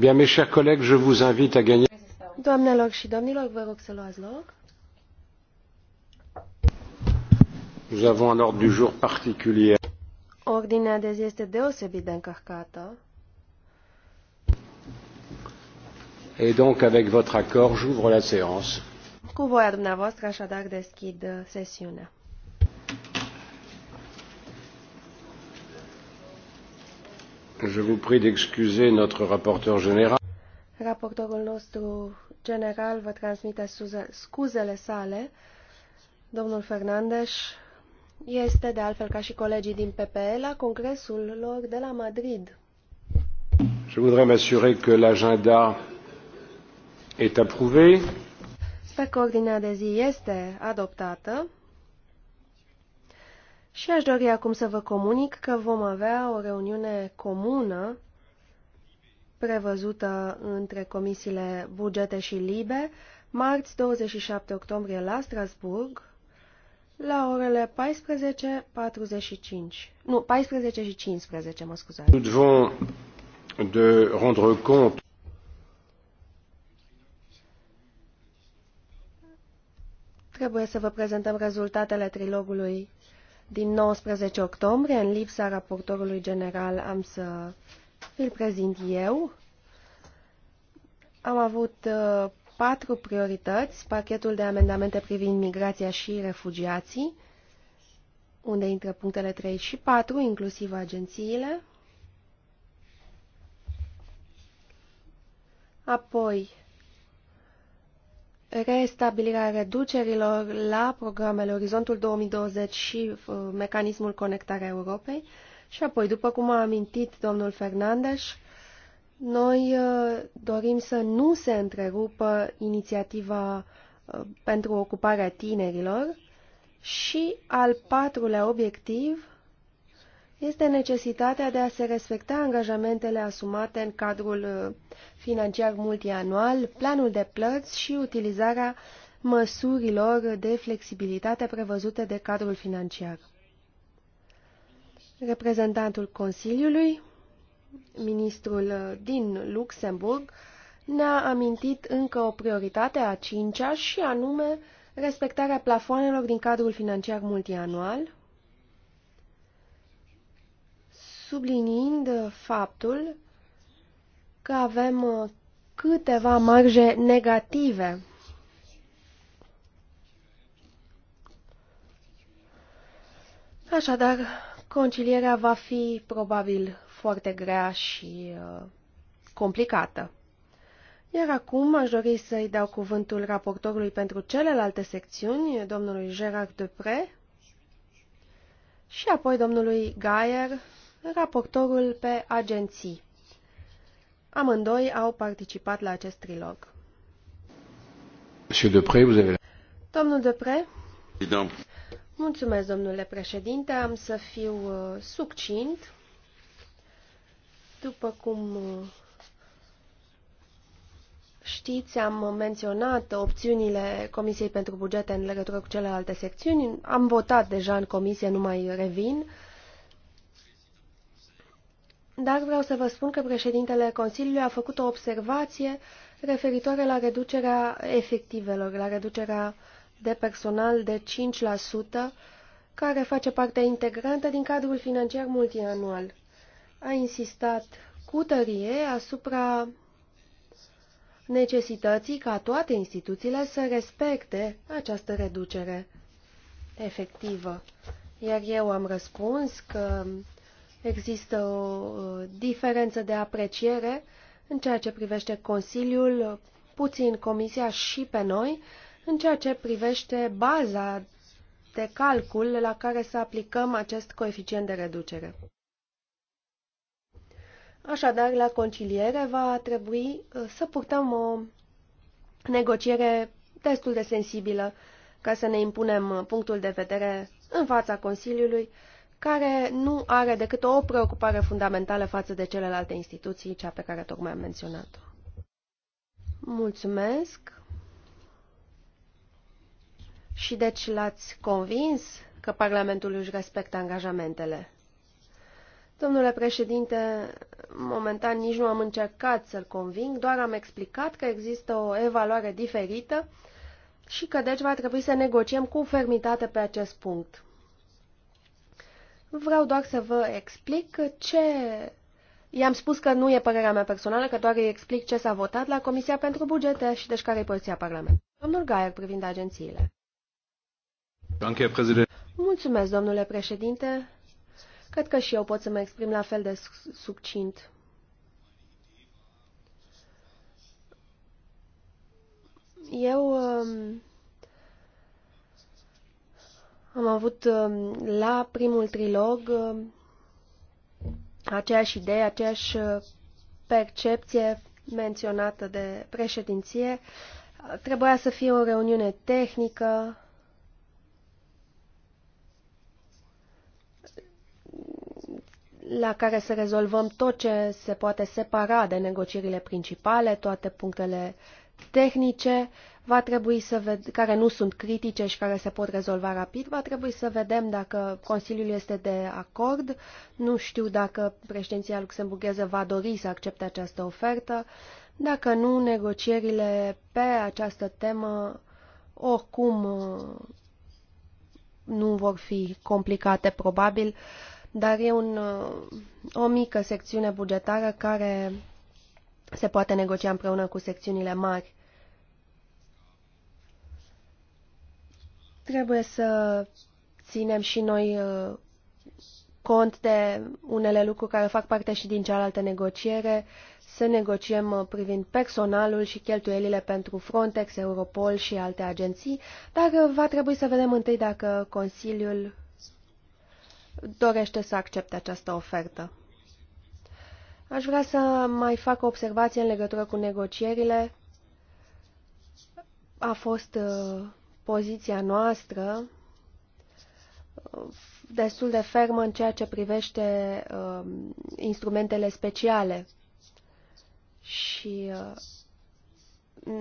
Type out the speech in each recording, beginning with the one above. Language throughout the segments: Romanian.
Bien, mes chers collègues, je vous invite à gagner. Doamnelor și domnilor, vă rog să luați loc. Nous avons un ordre du jour particulier. Ordinea de zi este deosebit de încărcată. Et donc, avec votre accord, j'ouvre la séance. Cu voia dumneavoastră, așadar, deschid uh, sesiunea. Je vous prie d'excuser notre rapporteur général. Raportorul nostru general vă transmite scuzele sale. Domnul Fernandes este, de altfel ca și colegii din PPE, la congresul lor de la Madrid. Je voudrais m'assurer que l'agenda est approuvé. Sper că ordinea de zi este adoptată. Și aș dori acum să vă comunic că vom avea o reuniune comună prevăzută între comisiile bugete și libe, marți 27 octombrie la Strasburg, la orele 14.45. Nu, 14 și 15, mă scuzați. Nous devons de rendre compte Trebuie să vă prezentăm rezultatele trilogului din 19 octombrie. În lipsa raportorului general am să îl prezint eu. Am avut uh, patru priorități, pachetul de amendamente privind migrația și refugiații, unde intră punctele 3 și 4, inclusiv agențiile. Apoi, restabilirea reducerilor la programele Orizontul 2020 și uh, mecanismul Conectarea Europei. Și apoi, după cum a amintit domnul Fernandes, noi uh, dorim să nu se întrerupă inițiativa uh, pentru ocuparea tinerilor și al patrulea obiectiv este necesitatea de a se respecta angajamentele asumate în cadrul uh, financiar multianual, planul de plăți și utilizarea măsurilor de flexibilitate prevăzute de cadrul financiar. Reprezentantul Consiliului, ministrul uh, din Luxemburg, ne-a amintit încă o prioritate a cincea și anume respectarea plafoanelor din cadrul financiar multianual, subliniind faptul că avem uh, câteva marje negative. Așadar, concilierea va fi probabil foarte grea și uh, complicată. Iar acum aș dori să-i dau cuvântul raportorului pentru celelalte secțiuni, domnului Gerard Depre, și apoi domnului Gaier raportorul pe agenții. Amândoi au participat la acest trilog. Monsieur Depre, vous avez... Domnul Depre. Mulțumesc, domnule președinte. Am să fiu uh, succint. După cum uh, știți, am menționat opțiunile Comisiei pentru Bugete în legătură cu celelalte secțiuni. Am votat deja în comisie, nu mai revin. Uh, dar vreau să vă spun că președintele Consiliului a făcut o observație referitoare la reducerea efectivelor, la reducerea de personal de 5%, care face parte integrantă din cadrul financiar multianual. A insistat cu tărie asupra necesității ca toate instituțiile să respecte această reducere efectivă. Iar eu am răspuns că Există o diferență de apreciere în ceea ce privește Consiliul, puțin Comisia și pe noi, în ceea ce privește baza de calcul la care să aplicăm acest coeficient de reducere. Așadar, la conciliere va trebui uh, să purtăm o negociere destul de sensibilă ca să ne impunem punctul de vedere în fața Consiliului care nu are decât o preocupare fundamentală față de celelalte instituții, cea pe care tocmai am menționat-o. Mulțumesc! Și deci l-ați convins că Parlamentul își respectă angajamentele. Domnule președinte, momentan nici nu am încercat să-l conving, doar am explicat că există o evaluare diferită și că deci va trebui să negociem cu fermitate pe acest punct. Vreau doar să vă explic ce... I-am spus că nu e părerea mea personală, că doar îi explic ce s-a votat la Comisia pentru Bugete și deci care e poziția Parlamentului. Domnul Gaier privind agențiile. Mulțumesc, domnule președinte. Cred că și eu pot să mă exprim la fel de succint. Eu um, am avut um, la primul trilog um, aceeași idee, aceeași uh, percepție menționată de președinție. Trebuia să fie o reuniune tehnică. la care să rezolvăm tot ce se poate separa de negocierile principale, toate punctele tehnice va trebui să ved- care nu sunt critice și care se pot rezolva rapid, va trebui să vedem dacă Consiliul este de acord. Nu știu dacă președinția luxemburgheză va dori să accepte această ofertă. Dacă nu, negocierile pe această temă oricum uh, nu vor fi complicate, probabil, dar e un, uh, o mică secțiune bugetară care se poate negocia împreună cu secțiunile mari. Trebuie să ținem și noi uh, cont de unele lucruri care fac parte și din cealaltă negociere, să negociem uh, privind personalul și cheltuielile pentru Frontex, Europol și alte agenții, dar uh, va trebui să vedem întâi dacă Consiliul dorește să accepte această ofertă. Aș vrea să mai fac o observație în legătură cu negocierile. A fost poziția noastră uh, destul de fermă în ceea ce privește uh, instrumentele speciale. Și uh,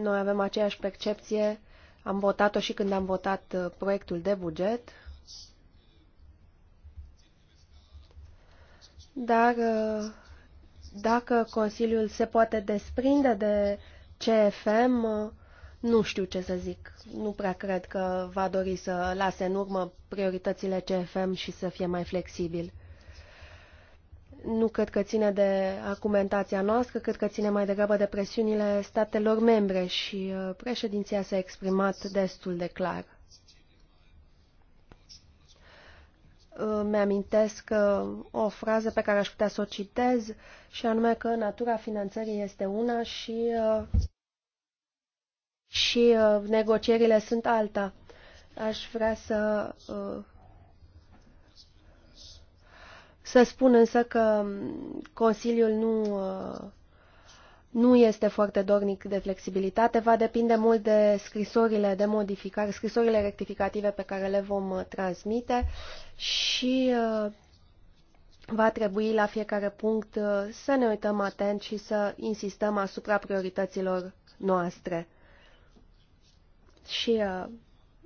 noi avem aceeași percepție, am votat-o și când am votat uh, proiectul de buget, dar uh, dacă Consiliul se poate desprinde de CFM, uh, nu știu ce să zic. Nu prea cred că va dori să lase în urmă prioritățile CFM și să fie mai flexibil. Nu cred că ține de argumentația noastră, cred că ține mai degrabă de presiunile statelor membre și uh, președinția s-a exprimat destul de clar. Uh, mi-amintesc uh, o frază pe care aș putea să o citez și anume că natura finanțării este una și și uh, negocierile sunt alta. Aș vrea să uh, să spun însă că um, Consiliul nu uh, nu este foarte dornic de flexibilitate, va depinde mult de scrisorile de modificare, scrisorile rectificative pe care le vom uh, transmite și uh, va trebui la fiecare punct uh, să ne uităm atent și să insistăm asupra priorităților noastre și uh,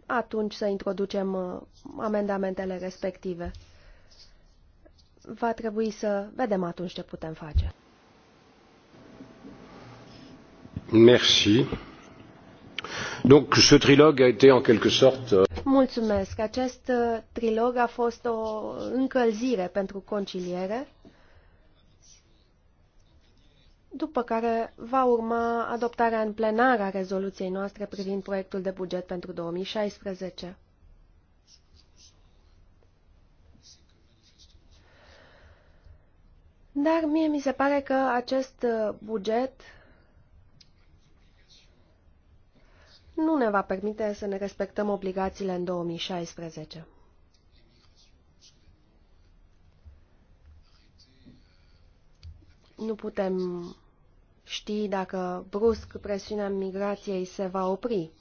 atunci să introducem uh, amendamentele respective. Va trebui să vedem atunci ce putem face. Merci. Donc ce trilogue a été en quelque sorte euh, Mulțumesc. Acest uh, trilog a fost o încălzire pentru conciliere după care va urma adoptarea în plenar a rezoluției noastre privind proiectul de buget pentru 2016. Dar mie mi se pare că acest uh, buget nu ne va permite să ne respectăm obligațiile în 2016. Nu putem ști dacă brusc presiunea migrației se va opri.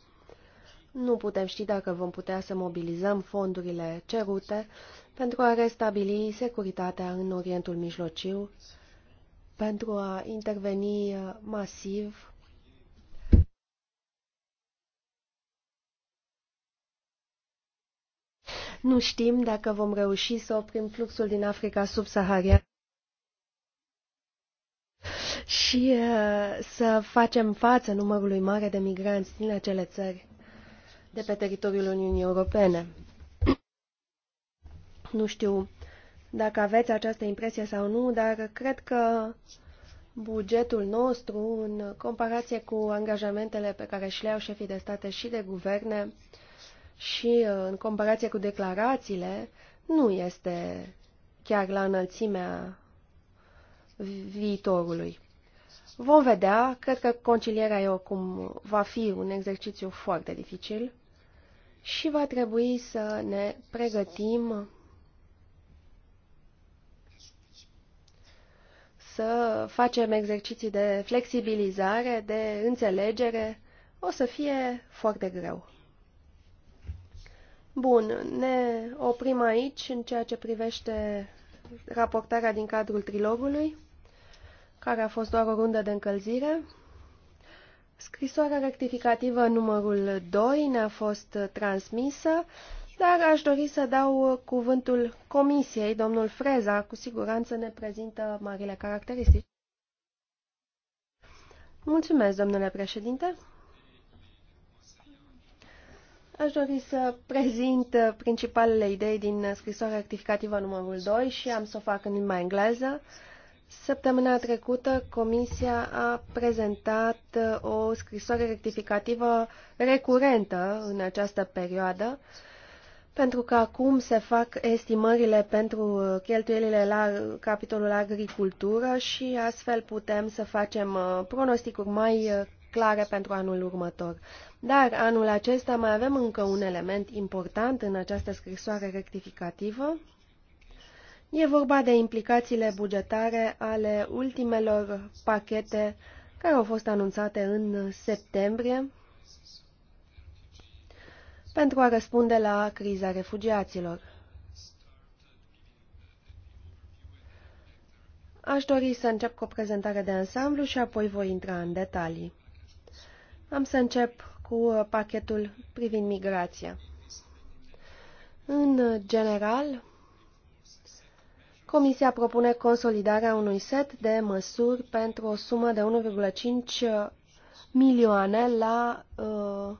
Nu putem ști dacă vom putea să mobilizăm fondurile cerute pentru a restabili securitatea în Orientul Mijlociu, pentru a interveni uh, masiv Nu știm dacă vom reuși să oprim fluxul din Africa subsahariană și uh, să facem față numărului mare de migranți din acele țări de pe teritoriul Uniunii Europene. Nu știu dacă aveți această impresie sau nu, dar cred că bugetul nostru, în comparație cu angajamentele pe care și le-au șefii de state și de guverne, și uh, în comparație cu declarațiile, nu este chiar la înălțimea viitorului. Vom vedea, cred că concilierea e oricum va fi un exercițiu foarte dificil și va trebui să ne pregătim să facem exerciții de flexibilizare, de înțelegere, o să fie foarte greu. Bun, ne oprim aici în ceea ce privește raportarea din cadrul trilogului care a fost doar o rundă de încălzire. Scrisoarea rectificativă numărul 2 ne-a fost transmisă, dar aș dori să dau cuvântul comisiei. Domnul Freza cu siguranță ne prezintă marile caracteristici. Mulțumesc, domnule președinte. Aș dori să prezint principalele idei din scrisoarea rectificativă numărul 2 și am să o fac în limba engleză. Săptămâna trecută, Comisia a prezentat uh, o scrisoare rectificativă recurentă în această perioadă, pentru că acum se fac estimările pentru uh, cheltuielile la capitolul agricultură și astfel putem să facem uh, pronosticuri mai clare pentru anul următor. Dar anul acesta mai avem încă un element important în această scrisoare rectificativă, E vorba de implicațiile bugetare ale ultimelor pachete care au fost anunțate în septembrie pentru a răspunde la criza refugiaților. Aș dori să încep cu o prezentare de ansamblu și apoi voi intra în detalii. Am să încep cu pachetul privind migrația. În general, Comisia propune consolidarea unui set de măsuri pentru o sumă de 1,5 milioane la uh,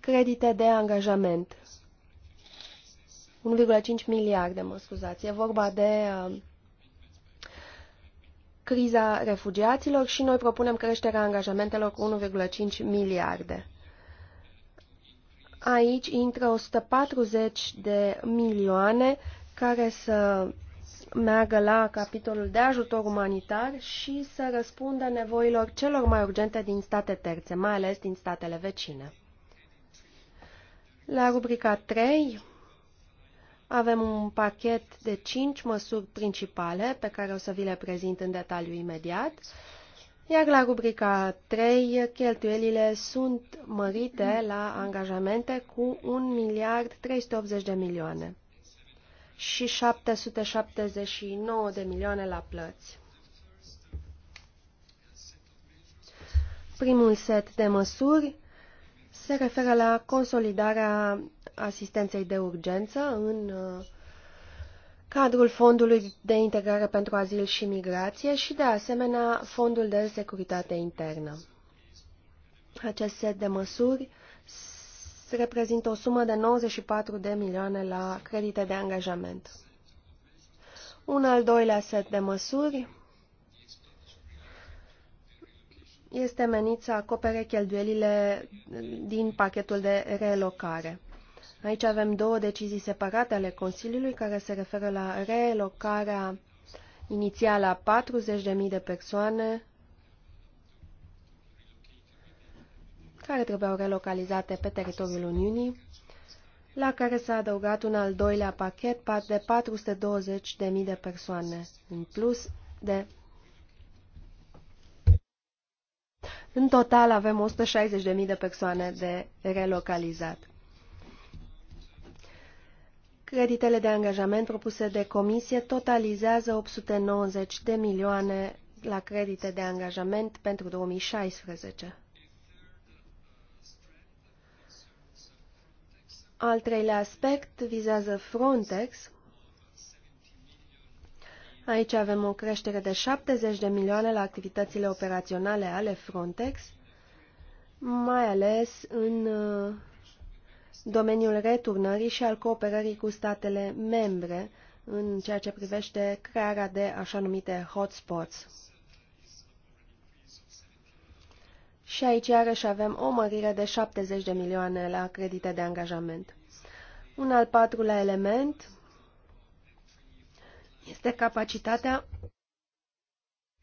credite de angajament. 1,5 miliarde, mă scuzați. E vorba de uh, criza refugiaților și noi propunem creșterea angajamentelor cu 1,5 miliarde. Aici intră 140 de milioane care să meargă la capitolul de ajutor umanitar și să răspundă nevoilor celor mai urgente din state terțe, mai ales din statele vecine. La rubrica 3 avem un pachet de 5 măsuri principale pe care o să vi le prezint în detaliu imediat, iar la rubrica 3 cheltuielile sunt mărite la angajamente cu 1 miliard 380 de milioane și 779 de milioane la plăți. Primul set de măsuri se referă la consolidarea asistenței de urgență în uh, cadrul Fondului de Integrare pentru Azil și Migrație și, de asemenea, Fondul de Securitate Internă. Acest set de măsuri reprezintă o sumă de 94 de milioane la credite de angajament. Un al doilea set de măsuri este menit să acopere cheltuielile din pachetul de relocare. Aici avem două decizii separate ale Consiliului care se referă la relocarea inițială a 40.000 de persoane care trebuiau relocalizate pe teritoriul Uniunii, la care s-a adăugat un al doilea pachet de 420.000 de persoane, în plus de... În total avem 160.000 de persoane de relocalizat. Creditele de angajament propuse de comisie totalizează 890 de milioane la credite de angajament pentru 2016. Al treilea aspect vizează Frontex. Aici avem o creștere de 70 de milioane la activitățile operaționale ale Frontex, mai ales în uh, domeniul returnării și al cooperării cu statele membre în ceea ce privește crearea de așa numite hotspots. Și aici iarăși avem o mărire de 70 de milioane la credite de angajament. Un al patrulea element este capacitatea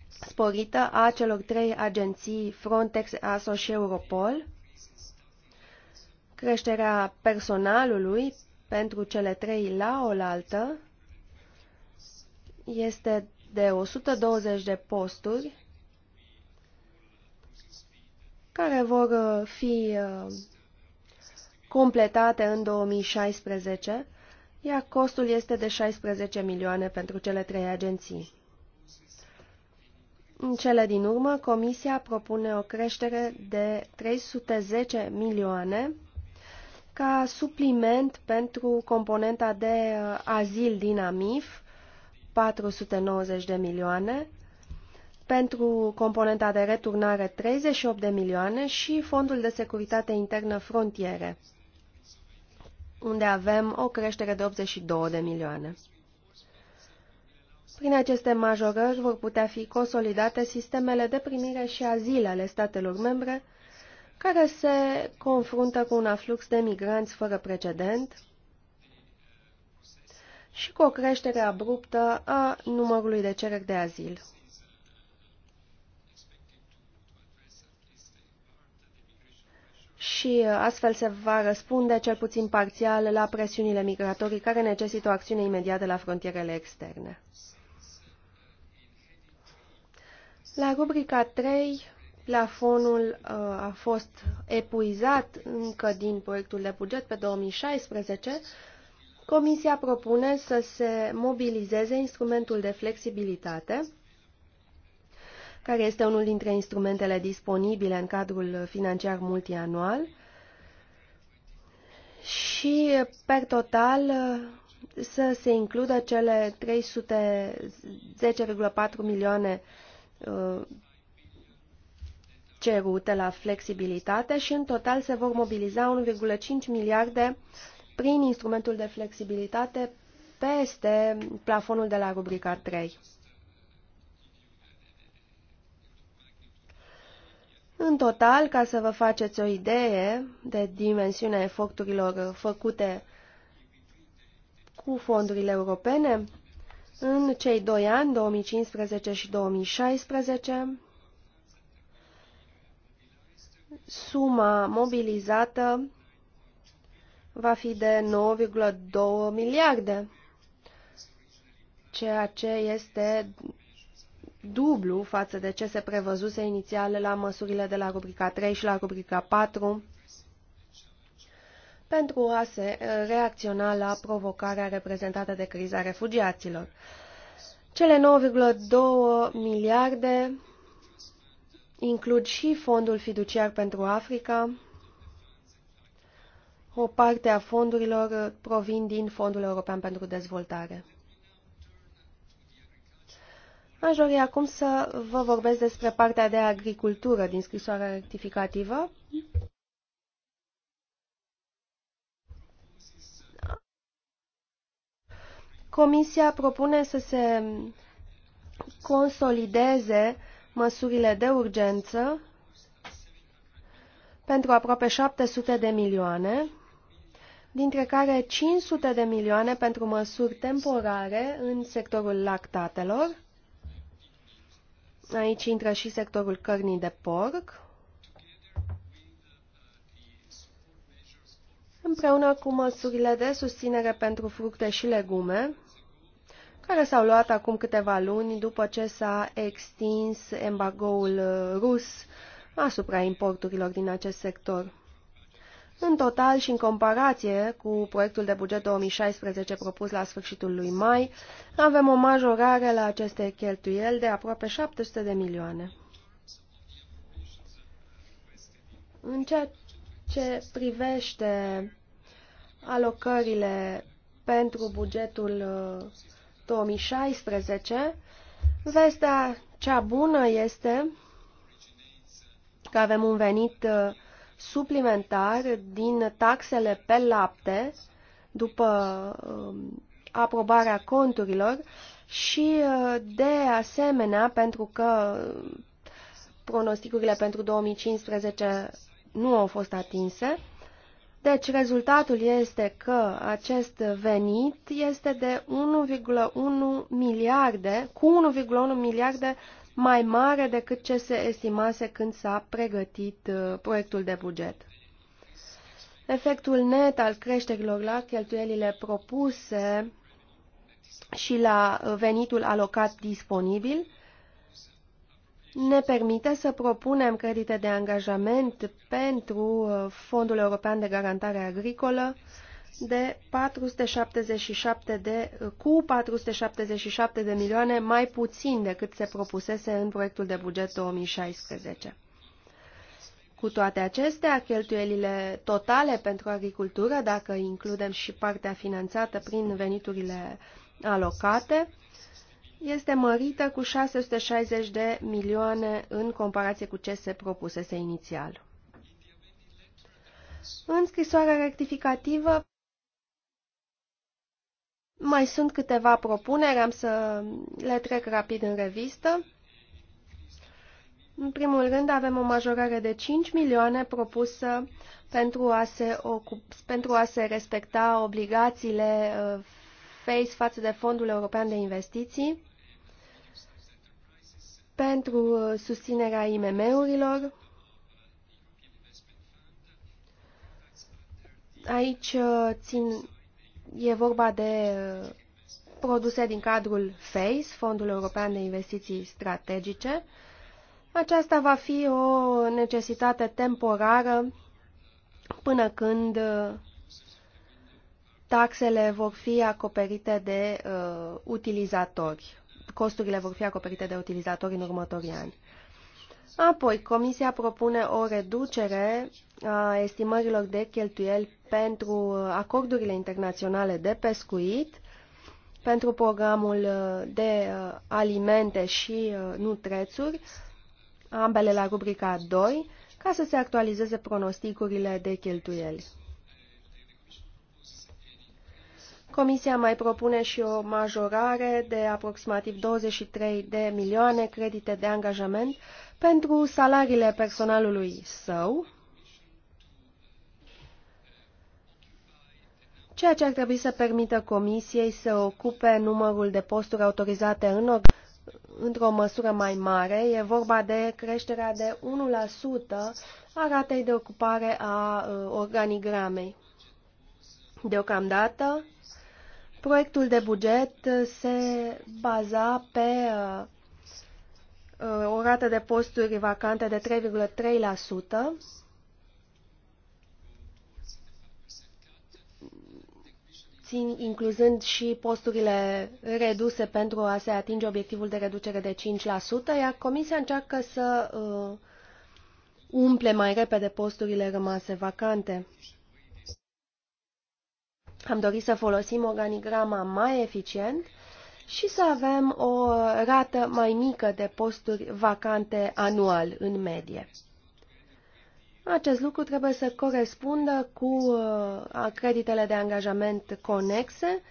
sporită a celor trei agenții Frontex, ASO și Europol, creșterea personalului pentru cele trei la oaltă este de 120 de posturi care vor uh, fi uh, completate în 2016, iar costul este de 16 milioane pentru cele trei agenții. În cele din urmă, Comisia propune o creștere de 310 milioane ca supliment pentru componenta de uh, azil din AMIF, 490 de milioane, pentru componenta de returnare 38 de milioane și Fondul de Securitate Internă Frontiere, unde avem o creștere de 82 de milioane. Prin aceste majorări vor putea fi consolidate sistemele de primire și azil ale statelor membre, care se confruntă cu un aflux de migranți fără precedent și cu o creștere abruptă a numărului de cereri de azil. și uh, astfel se va răspunde cel puțin parțial la presiunile migratorii care necesită o acțiune imediată la frontierele externe. La rubrica 3, plafonul uh, a fost epuizat încă din proiectul de buget pe 2016. Comisia propune să se mobilizeze instrumentul de flexibilitate care este unul dintre instrumentele disponibile în cadrul financiar multianual. Și, per total, să se includă cele 310,4 milioane uh, cerute la flexibilitate și în total se vor mobiliza 1,5 miliarde prin instrumentul de flexibilitate peste plafonul de la rubrica 3. În total, ca să vă faceți o idee de dimensiunea eforturilor făcute cu fondurile europene, în cei doi ani, 2015 și 2016, suma mobilizată va fi de 9,2 miliarde, ceea ce este dublu față de ce se prevăzuse inițial la măsurile de la rubrica 3 și la rubrica 4 pentru a se eh, reacționa la provocarea reprezentată de criza refugiaților. Cele 9,2 miliarde includ și fondul fiduciar pentru Africa. O parte a fondurilor provin din Fondul European pentru Dezvoltare. Aș dori acum să vă vorbesc despre partea de agricultură din scrisoarea rectificativă. Comisia propune să se consolideze măsurile de urgență pentru aproape 700 de milioane, dintre care 500 de milioane pentru măsuri temporare în sectorul lactatelor, Aici intră și sectorul cărnii de porc. Împreună cu măsurile de susținere pentru fructe și legume, care s-au luat acum câteva luni după ce s-a extins embargoul rus asupra importurilor din acest sector. În total și în comparație cu proiectul de buget 2016 propus la sfârșitul lui mai, avem o majorare la aceste cheltuieli de aproape 700 de milioane. În ceea ce privește alocările pentru bugetul 2016, uh, vestea cea bună este că avem un venit uh, suplimentar din taxele pe lapte după um, aprobarea conturilor și uh, de asemenea pentru că pronosticurile pentru 2015 nu au fost atinse. Deci rezultatul este că acest venit este de 1,1 miliarde, cu 1,1 miliarde mai mare decât ce se estimase când s-a pregătit uh, proiectul de buget. Efectul net al creșterilor la cheltuielile propuse și la uh, venitul alocat disponibil ne permite să propunem credite de angajament pentru uh, Fondul European de Garantare Agricolă de 477 de, cu 477 de milioane mai puțin decât se propusese în proiectul de buget 2016. Cu toate acestea, cheltuielile totale pentru agricultură, dacă includem și partea finanțată prin veniturile alocate, este mărită cu 660 de milioane în comparație cu ce se propusese inițial. În scrisoarea rectificativă, mai sunt câteva propuneri, am să le trec rapid în revistă. În primul rând, avem o majorare de 5 milioane propusă pentru a se, ocup- pentru a se respecta obligațiile uh, FACE față de Fondul European de Investiții, pentru uh, susținerea IMM-urilor. Aici uh, țin E vorba de uh, produse din cadrul FACE, Fondul European de Investiții Strategice. Aceasta va fi o necesitate temporară până când uh, taxele vor fi acoperite de uh, utilizatori. Costurile vor fi acoperite de utilizatori în următorii ani. Apoi, Comisia propune o reducere a estimărilor de cheltuieli pentru acordurile internaționale de pescuit, pentru programul uh, de uh, alimente și uh, nutrețuri, ambele la rubrica 2, ca să se actualizeze pronosticurile de cheltuieli. Comisia mai propune și o majorare de aproximativ 23 de milioane credite de angajament pentru salariile personalului său, ceea ce ar trebui să permită Comisiei să ocupe numărul de posturi autorizate în într-o măsură mai mare. E vorba de creșterea de 1% a ratei de ocupare a uh, organigramei. Deocamdată, proiectul de buget se baza pe uh, o rată de posturi vacante de 3,3%. țin, incluzând și posturile reduse pentru a se atinge obiectivul de reducere de 5%, iar Comisia încearcă să uh, umple mai repede posturile rămase vacante. Am dorit să folosim organigrama mai eficient și să avem o rată mai mică de posturi vacante anual în medie. Acest lucru trebuie să corespundă cu uh, creditele de angajament conexe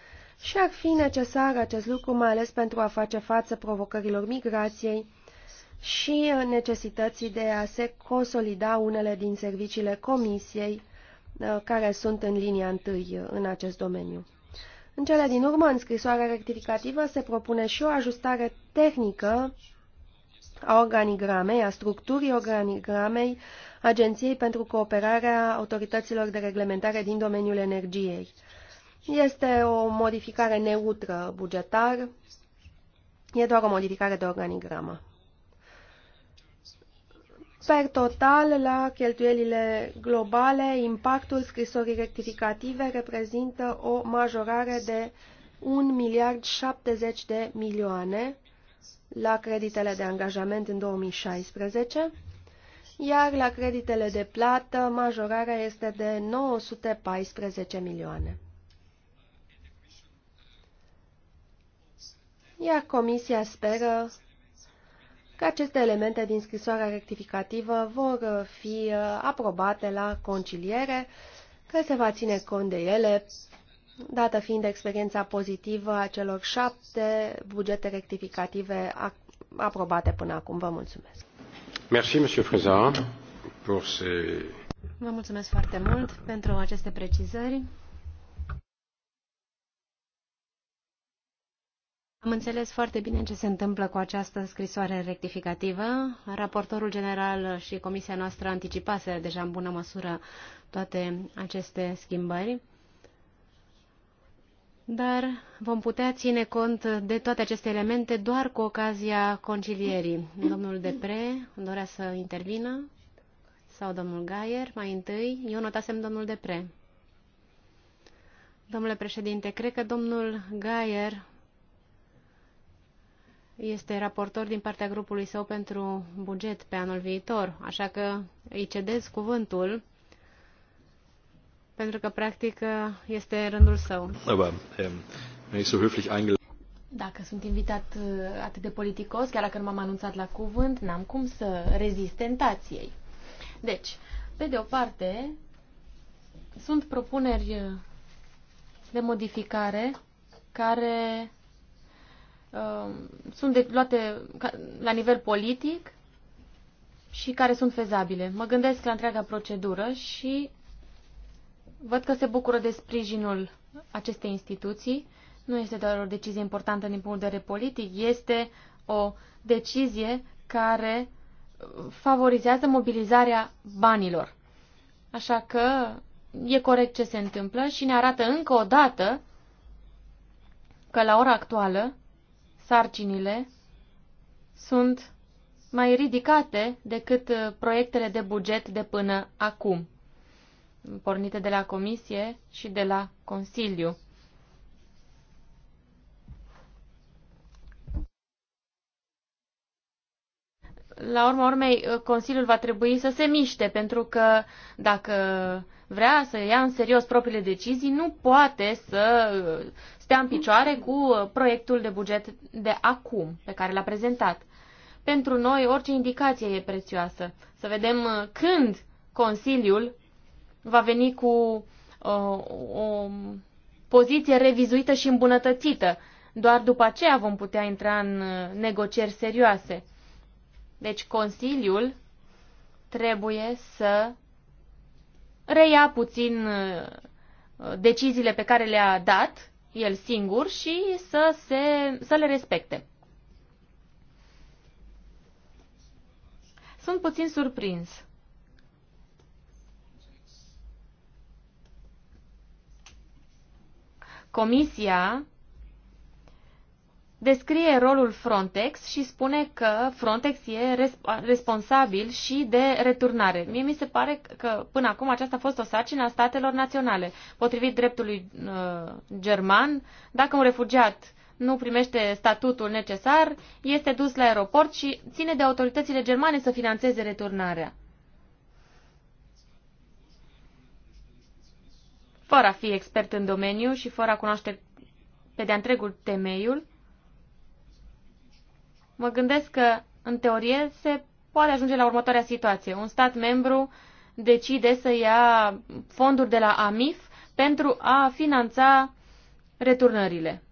și ar fi necesar acest lucru mai ales pentru a face față provocărilor migrației și uh, necesității de a se consolida unele din serviciile comisiei uh, care sunt în linia întâi în acest domeniu. În cele din urmă, în scrisoarea rectificativă se propune și o ajustare tehnică a organigramei, a structurii organigramei Agenției pentru Cooperarea Autorităților de Reglementare din domeniul energiei. Este o modificare neutră bugetar, e doar o modificare de organigramă. Per total, la cheltuielile globale, impactul scrisorii rectificative reprezintă o majorare de 1 miliard 70 de milioane la creditele de angajament în 2016, iar la creditele de plată majorarea este de 914 milioane. Iar Comisia speră că aceste elemente din scrisoarea rectificativă vor fi uh, aprobate la conciliere, că se va ține cont de ele, dată fiind experiența pozitivă a celor șapte bugete rectificative aprobate până acum. Vă mulțumesc. Merci, Monsieur pour ces... Vă mulțumesc foarte mult pentru aceste precizări. Am înțeles foarte bine ce se întâmplă cu această scrisoare rectificativă. Raportorul general și comisia noastră anticipase deja în bună măsură toate aceste schimbări. Dar vom putea ține cont de toate aceste elemente doar cu ocazia concilierii. Domnul Depre dorea să intervină sau domnul Gaier mai întâi. Eu notasem domnul Depre. Domnule președinte, cred că domnul Gaier este raportor din partea grupului său pentru buget pe anul viitor, așa că îi cedez cuvântul pentru că practic este rândul său. Ähm, dacă sunt invitat uh, atât de politicos, chiar dacă nu m-am anunțat la cuvânt, n-am cum să rezist tentației. Deci, pe de o parte, sunt propuneri de modificare care Um, sunt de, luate la nivel politic și care sunt fezabile. Mă gândesc la întreaga procedură și văd că se bucură de sprijinul acestei instituții. Nu este doar o decizie importantă din punct de vedere politic, este o decizie care favorizează mobilizarea banilor. Așa că e corect ce se întâmplă și ne arată încă o dată că la ora actuală sarcinile sunt mai ridicate decât uh, proiectele de buget de până acum, pornite de la Comisie și de la Consiliu. la urma urmei, uh, Consiliul va trebui să se miște, pentru că dacă vrea să ia în serios propriile decizii, nu poate să uh, stea în picioare cu uh, proiectul de buget de acum pe care l-a prezentat. Pentru noi orice indicație e prețioasă. Să vedem uh, când Consiliul va veni cu o, uh, o poziție revizuită și îmbunătățită. Doar după aceea vom putea intra în negocieri serioase. Deci Consiliul trebuie să reia puțin deciziile pe care le-a dat el singur și să, se, să le respecte. Sunt puțin surprins. Comisia descrie rolul Frontex și spune că Frontex e resp- responsabil și de returnare. Mie mi se pare că până acum aceasta a fost o sarcină a statelor naționale. Potrivit dreptului uh, german, dacă un refugiat nu primește statutul necesar, este dus la aeroport și ține de autoritățile germane să financeze returnarea. Fără a fi expert în domeniu și fără a cunoaște pe de-a întregul temeiul, mă gândesc că, în teorie, se poate ajunge la următoarea situație. Un stat membru decide să ia fonduri de la AMIF pentru a finanța returnările.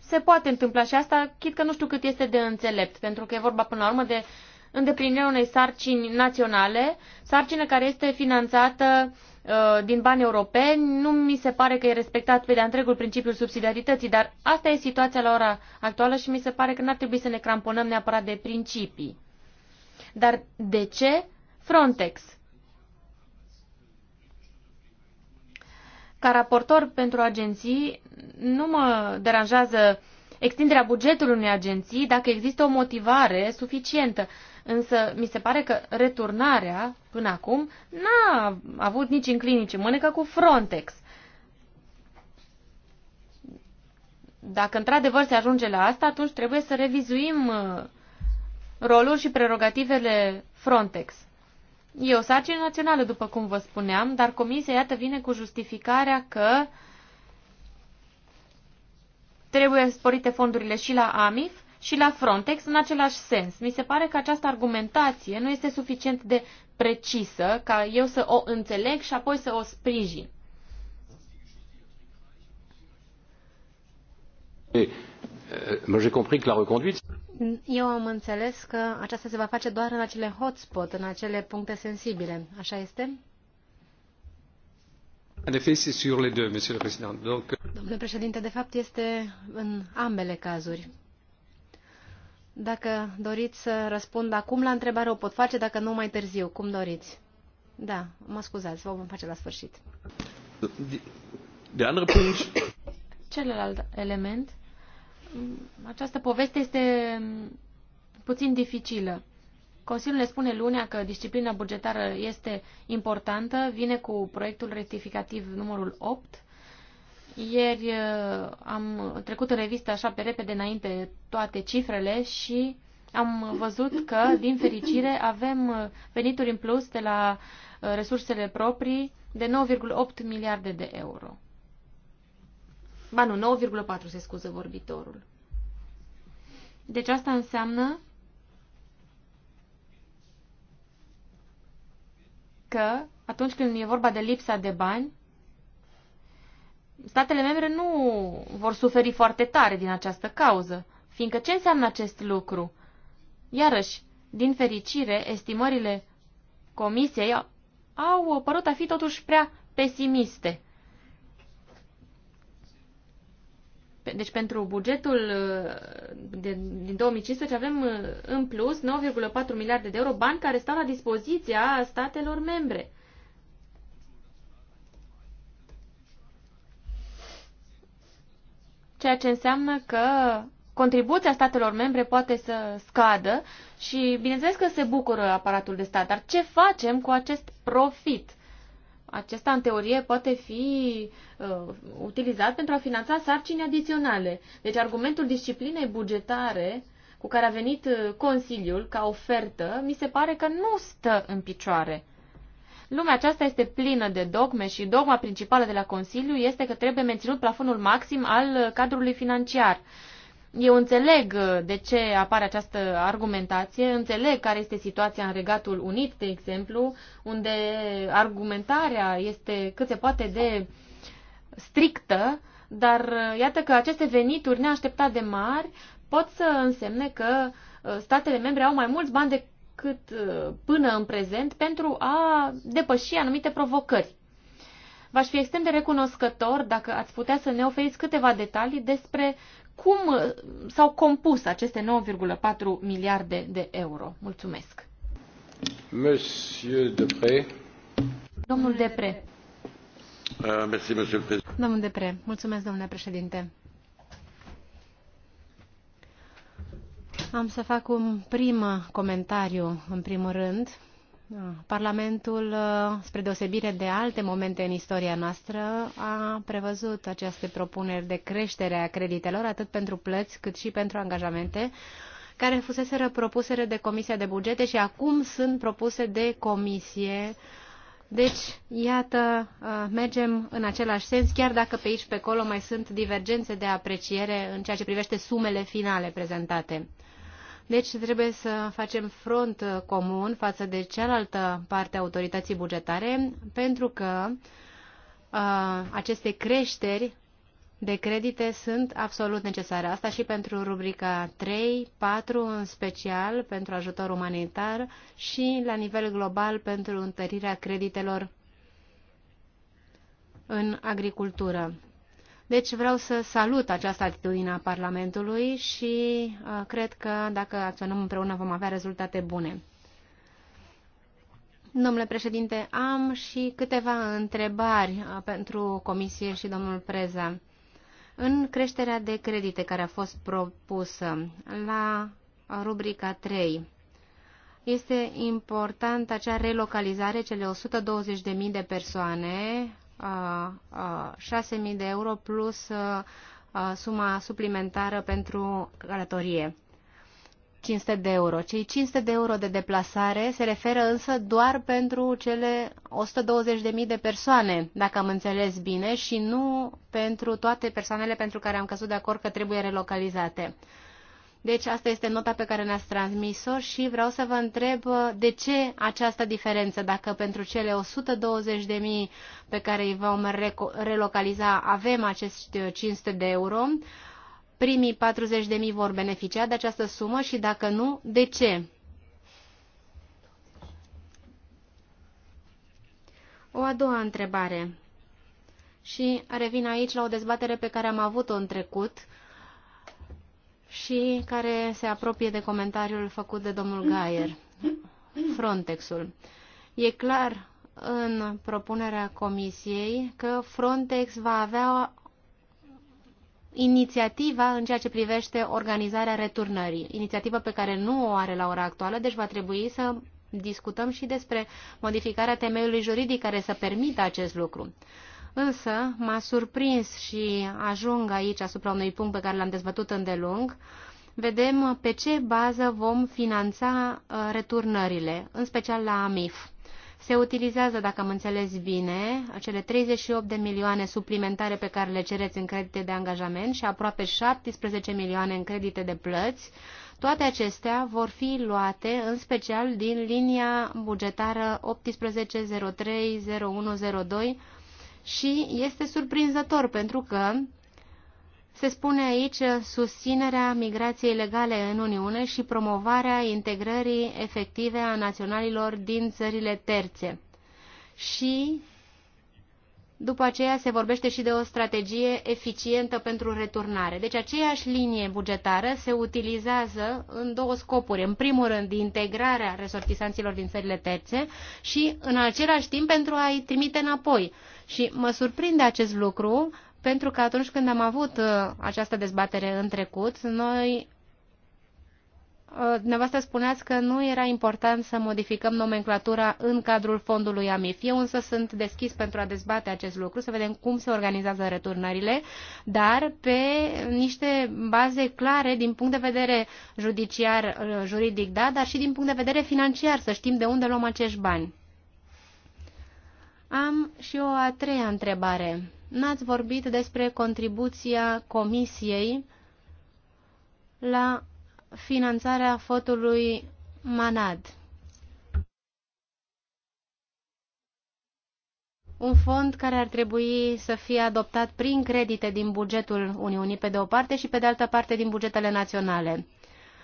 Se poate întâmpla și asta, chit că nu știu cât este de înțelept, pentru că e vorba până la urmă de îndeplinirea unei sarcini naționale, sarcină care este finanțată uh, din bani europeni. Nu mi se pare că e respectat pe de-a întregul principiul subsidiarității, dar asta e situația la ora actuală și mi se pare că n-ar trebui să ne cramponăm neapărat de principii. Dar de ce Frontex? Ca raportor pentru agenții, nu mă deranjează extinderea bugetului unei agenții dacă există o motivare suficientă. Însă mi se pare că returnarea până acum n-a avut nici în clinici mânecă cu Frontex. Dacă într-adevăr se ajunge la asta, atunci trebuie să revizuim uh, rolul și prerogativele Frontex. E o sarcină națională, după cum vă spuneam, dar comisia, iată, vine cu justificarea că trebuie sporite fondurile și la AMIF și la Frontex în același sens. Mi se pare că această argumentație nu este suficient de precisă ca eu să o înțeleg și apoi să o sprijin. Eu am înțeles că aceasta se va face doar în acele hotspot, în acele puncte sensibile. Așa este? Domnule președinte, de fapt este în ambele cazuri. Dacă doriți să răspund acum la întrebare, o pot face, dacă nu mai târziu, cum doriți. Da, mă scuzați, vă vom face la sfârșit. De andre punct. Celălalt element. Această poveste este puțin dificilă. Consiliul ne spune lunea că disciplina bugetară este importantă, vine cu proiectul rectificativ numărul 8 ieri uh, am trecut în revistă așa pe repede înainte toate cifrele și am văzut că, din fericire, avem uh, venituri în plus de la uh, resursele proprii de 9,8 miliarde de euro. Ba nu, 9,4 se scuză vorbitorul. Deci asta înseamnă că atunci când e vorba de lipsa de bani, statele membre nu vor suferi foarte tare din această cauză, fiindcă ce înseamnă acest lucru? Iarăși, din fericire, estimările comisiei au părut a fi totuși prea pesimiste. Deci pentru bugetul uh, de, din 2015 avem uh, în plus 9,4 miliarde de euro bani care stau la dispoziția statelor membre. ceea ce înseamnă că contribuția statelor membre poate să scadă și bineînțeles că se bucură aparatul de stat, dar ce facem cu acest profit? Acesta, în teorie, poate fi uh, utilizat pentru a finanța sarcini adiționale. Deci argumentul disciplinei bugetare cu care a venit uh, Consiliul ca ofertă, mi se pare că nu stă în picioare. Lumea aceasta este plină de dogme și dogma principală de la Consiliu este că trebuie menținut plafonul maxim al cadrului financiar. Eu înțeleg uh, de ce apare această argumentație, înțeleg care este situația în Regatul Unit, de exemplu, unde argumentarea este cât se poate de strictă, dar uh, iată că aceste venituri neașteptate de mari pot să însemne că uh, statele membre au mai mulți bani de cât uh, până în prezent pentru a depăși anumite provocări. V-aș fi extrem de recunoscător dacă ați putea să ne oferiți câteva detalii despre cum uh, s-au compus aceste 9,4 miliarde de euro. Mulțumesc. Monsieur Depre. Domnul Depre. Uh, merci, monsieur Domnul Depre, mulțumesc, domnule președinte. Am să fac un prim comentariu, în primul rând. Parlamentul, spre deosebire de alte momente în istoria noastră, a prevăzut aceste propuneri de creștere a creditelor, atât pentru plăți cât și pentru angajamente, care fuseseră propusere de Comisia de Bugete și acum sunt propuse de Comisie. Deci, iată, uh, mergem în același sens, chiar dacă pe aici, pe acolo mai sunt divergențe de apreciere în ceea ce privește sumele finale prezentate. Deci trebuie să facem front uh, comun față de cealaltă parte a autorității bugetare, pentru că uh, aceste creșteri de credite sunt absolut necesare. Asta și pentru rubrica 3, 4, în special pentru ajutor umanitar și la nivel global pentru întărirea creditelor în agricultură. Deci vreau să salut această atitudine a Parlamentului și uh, cred că dacă acționăm împreună vom avea rezultate bune. Domnule președinte, am și câteva întrebări uh, pentru comisie și domnul Preza. În creșterea de credite care a fost propusă la rubrica 3, este importantă acea relocalizare, cele 120.000 de persoane 6.000 de euro plus suma suplimentară pentru călătorie. 500 de euro. Cei 500 de euro de deplasare se referă însă doar pentru cele 120.000 de persoane, dacă am înțeles bine, și nu pentru toate persoanele pentru care am căzut de acord că trebuie relocalizate. Deci asta este nota pe care ne-ați transmis-o și vreau să vă întreb uh, de ce această diferență, dacă pentru cele 120.000 pe care îi vom relocaliza avem acești 500 uh, de euro, primii 40.000 vor beneficia de această sumă și dacă nu, de ce? O a doua întrebare. Și revin aici la o dezbatere pe care am avut-o în trecut, uh, și care se apropie de comentariul făcut de domnul Gaier, Frontexul. E clar în propunerea comisiei că Frontex va avea inițiativa în ceea ce privește organizarea returnării, inițiativă pe care nu o are la ora actuală, deci va trebui să discutăm și despre modificarea temeiului juridic care să permită acest lucru. Însă m-a surprins și ajung aici asupra unui punct pe care l-am dezbătut îndelung. Vedem pe ce bază vom finanța uh, returnările, în special la AMIF. Se utilizează, dacă am înțeles bine, cele 38 de milioane suplimentare pe care le cereți în credite de angajament și aproape 17 milioane în credite de plăți. Toate acestea vor fi luate în special din linia bugetară 18030102 și este surprinzător pentru că se spune aici susținerea migrației legale în Uniune și promovarea integrării efective a naționalilor din țările terțe. Și după aceea se vorbește și de o strategie eficientă pentru returnare. Deci aceeași linie bugetară se utilizează în două scopuri. În primul rând, integrarea resortisanților din țările terțe și, în același timp, pentru a-i trimite înapoi. Și mă surprinde acest lucru pentru că atunci când am avut uh, această dezbatere în trecut, noi uh, Dumneavoastră spuneați că nu era important să modificăm nomenclatura în cadrul fondului AMIF. Eu însă sunt deschis pentru a dezbate acest lucru, să vedem cum se organizează returnările, dar pe niște baze clare din punct de vedere judiciar, uh, juridic, da, dar și din punct de vedere financiar, să știm de unde luăm acești bani. Am și o a treia întrebare. N-ați vorbit despre contribuția Comisiei la finanțarea fotului Manad. un fond care ar trebui să fie adoptat prin credite din bugetul Uniunii pe de o parte și pe de altă parte din bugetele naționale.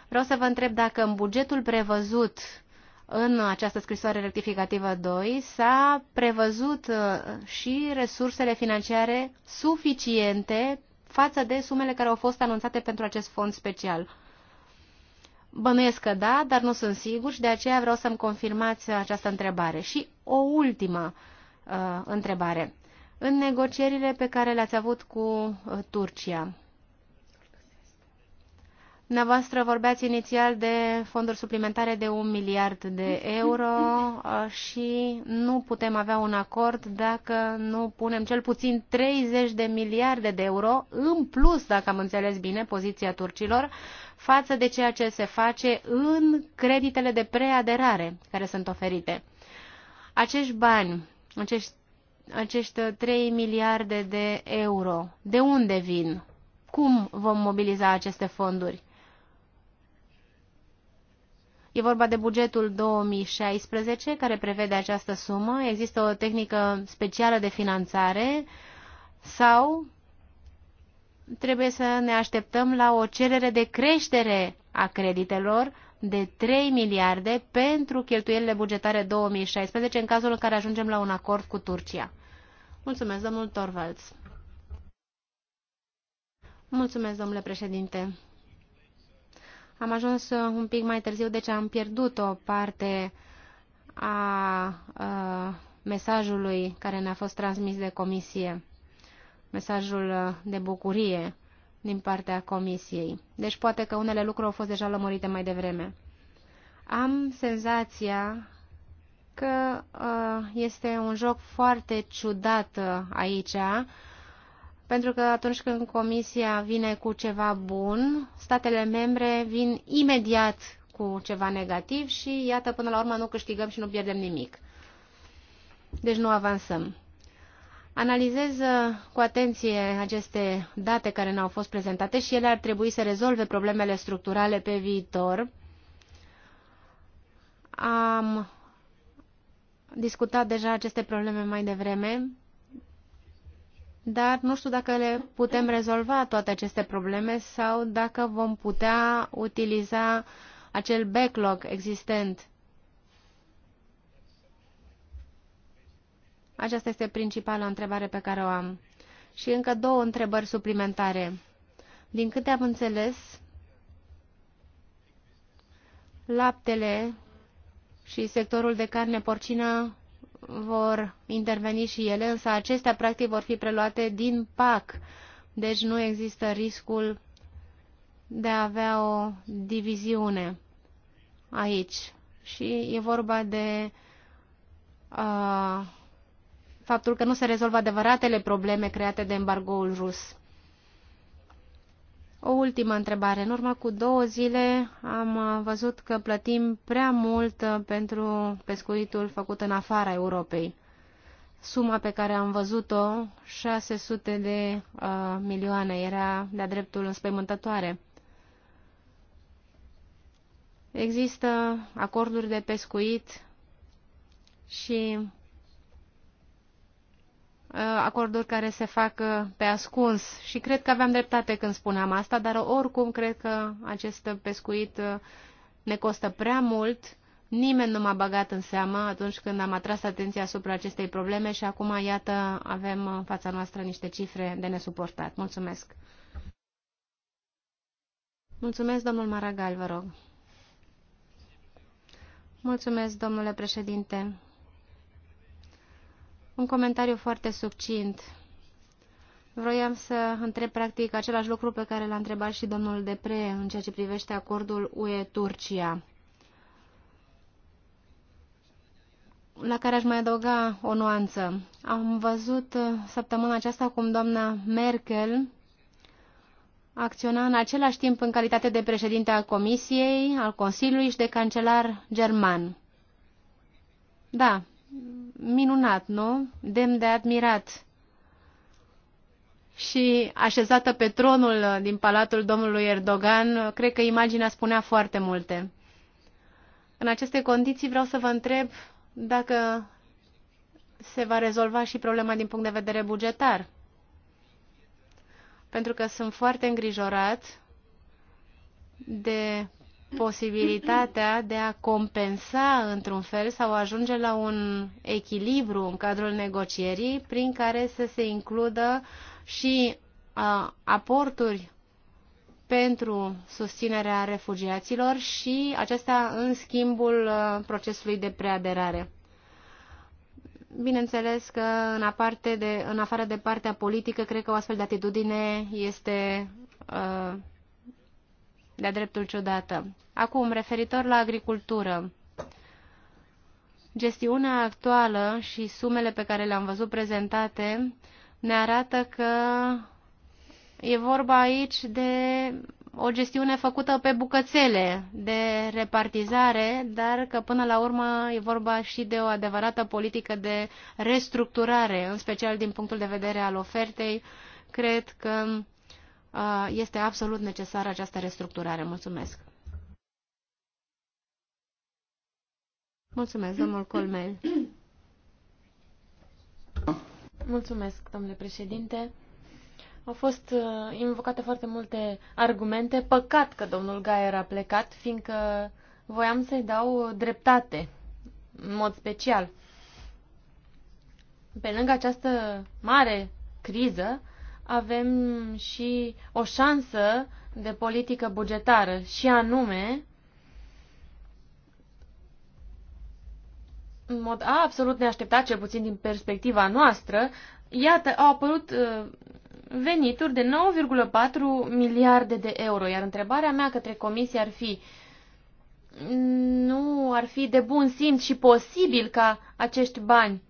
Vreau să vă întreb dacă în bugetul prevăzut în această scrisoare rectificativă 2 s-a prevăzut uh, și resursele financiare suficiente față de sumele care au fost anunțate pentru acest fond special. Bănuiesc că da, dar nu sunt sigur și de aceea vreau să-mi confirmați această întrebare. Și o ultimă uh, întrebare. În negocierile pe care le-ați avut cu uh, Turcia, Dumneavoastră vorbeați inițial de fonduri suplimentare de un miliard de euro și nu putem avea un acord dacă nu punem cel puțin 30 de miliarde de euro în plus, dacă am înțeles bine, poziția turcilor față de ceea ce se face în creditele de preaderare care sunt oferite. Acești bani, acești, acești 3 miliarde de euro, de unde vin? Cum vom mobiliza aceste fonduri? E vorba de bugetul 2016 care prevede această sumă. Există o tehnică specială de finanțare sau trebuie să ne așteptăm la o cerere de creștere a creditelor de 3 miliarde pentru cheltuielile bugetare 2016 în cazul în care ajungem la un acord cu Turcia. Mulțumesc, domnul Torvalds. Mulțumesc, domnule președinte. Am ajuns uh, un pic mai târziu, deci am pierdut o parte a, a uh, mesajului care ne-a fost transmis de comisie, mesajul uh, de bucurie din partea comisiei. Deci poate că unele lucruri au fost deja lămurite mai devreme. Am senzația că este un joc foarte ciudat aici, a pentru că atunci când Comisia vine cu ceva bun, statele membre vin imediat cu ceva negativ și iată, până la urmă nu câștigăm și nu pierdem nimic. Deci nu avansăm. Analizez uh, cu atenție aceste date care ne-au fost prezentate și ele ar trebui să rezolve problemele structurale pe viitor. Am discutat deja aceste probleme mai devreme dar nu știu dacă le putem rezolva toate aceste probleme sau dacă vom putea utiliza acel backlog existent. Aceasta este principala întrebare pe care o am. Și încă două întrebări suplimentare. Din câte am înțeles, laptele și sectorul de carne porcină vor interveni și ele, însă acestea practic vor fi preluate din PAC. Deci nu există riscul de a avea o diviziune aici. Și e vorba de uh, faptul că nu se rezolvă adevăratele probleme create de embargoul rus. O ultimă întrebare. În urmă cu două zile am uh, văzut că plătim prea mult uh, pentru pescuitul făcut în afara Europei. Suma pe care am văzut-o, 600 de uh, milioane, era de-a dreptul înspăimântătoare. Există acorduri de pescuit și Uh, acorduri care se fac uh, pe ascuns și cred că aveam dreptate când spuneam asta, dar oricum cred că acest pescuit uh, ne costă prea mult. Nimeni nu m-a băgat în seamă atunci când am atras atenția asupra acestei probleme și acum, iată, avem în fața noastră niște cifre de nesuportat. Mulțumesc! Mulțumesc, domnul Maragal, vă rog. Mulțumesc, domnule președinte. Un comentariu foarte succint. Vroiam să întreb practic același lucru pe care l-a întrebat și domnul Depre în ceea ce privește acordul UE-Turcia. la care aș mai adăuga o nuanță. Am văzut săptămâna aceasta cum doamna Merkel acționa în același timp în calitate de președinte al Comisiei, al Consiliului și de cancelar german. Da, minunat, nu? Demn de admirat. Și așezată pe tronul uh, din palatul domnului Erdogan, uh, cred că imaginea spunea foarte multe. În aceste condiții vreau să vă întreb dacă se va rezolva și problema din punct de vedere bugetar. Pentru că sunt foarte îngrijorat de posibilitatea de a compensa într-un fel sau ajunge la un echilibru în cadrul negocierii prin care să se includă și uh, aporturi pentru susținerea refugiaților și acesta în schimbul procesului de preaderare. Bineînțeles că în, aparte de, în afară de partea politică, cred că o astfel de atitudine este uh, de-a dreptul ciudată. Acum, referitor la agricultură, gestiunea actuală și sumele pe care le-am văzut prezentate ne arată că e vorba aici de o gestiune făcută pe bucățele de repartizare, dar că până la urmă e vorba și de o adevărată politică de restructurare, în special din punctul de vedere al ofertei. Cred că Uh, este absolut necesară această restructurare. Mulțumesc! Mulțumesc, domnul Colmel. Mulțumesc, domnule președinte. Au fost uh, invocate foarte multe argumente. Păcat că domnul Gaier a plecat, fiindcă voiam să-i dau dreptate, în mod special. Pe lângă această mare criză, avem și o șansă de politică bugetară și anume în mod absolut neașteptat, cel puțin din perspectiva noastră, iată, au apărut uh, venituri de 9,4 miliarde de euro. Iar întrebarea mea către comisie ar fi, nu ar fi de bun simț și posibil ca acești bani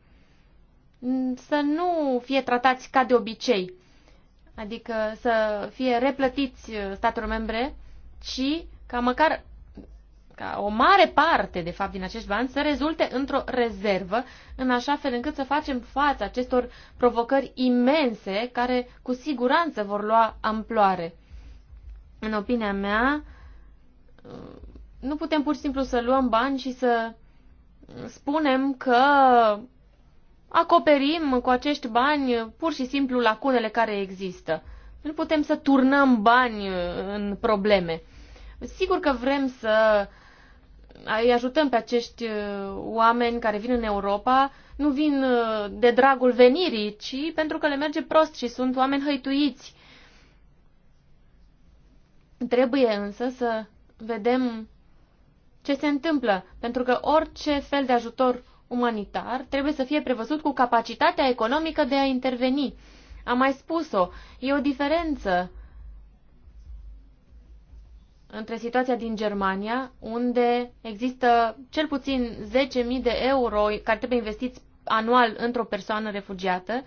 să nu fie tratați ca de obicei adică să fie replătiți uh, statelor membre, ci ca măcar ca o mare parte, de fapt, din acești bani să rezulte într-o rezervă, în așa fel încât să facem față acestor provocări imense care cu siguranță vor lua amploare. În opinia mea, uh, nu putem pur și simplu să luăm bani și să spunem că acoperim cu acești bani pur și simplu lacunele care există. Nu putem să turnăm bani în probleme. Sigur că vrem să îi ajutăm pe acești oameni care vin în Europa, nu vin de dragul venirii, ci pentru că le merge prost și sunt oameni hăituiți. Trebuie însă să vedem ce se întâmplă, pentru că orice fel de ajutor umanitar trebuie să fie prevăzut cu capacitatea economică de a interveni. Am mai spus-o, e o diferență între situația din Germania, unde există cel puțin 10.000 de euro care trebuie investiți anual într-o persoană refugiată,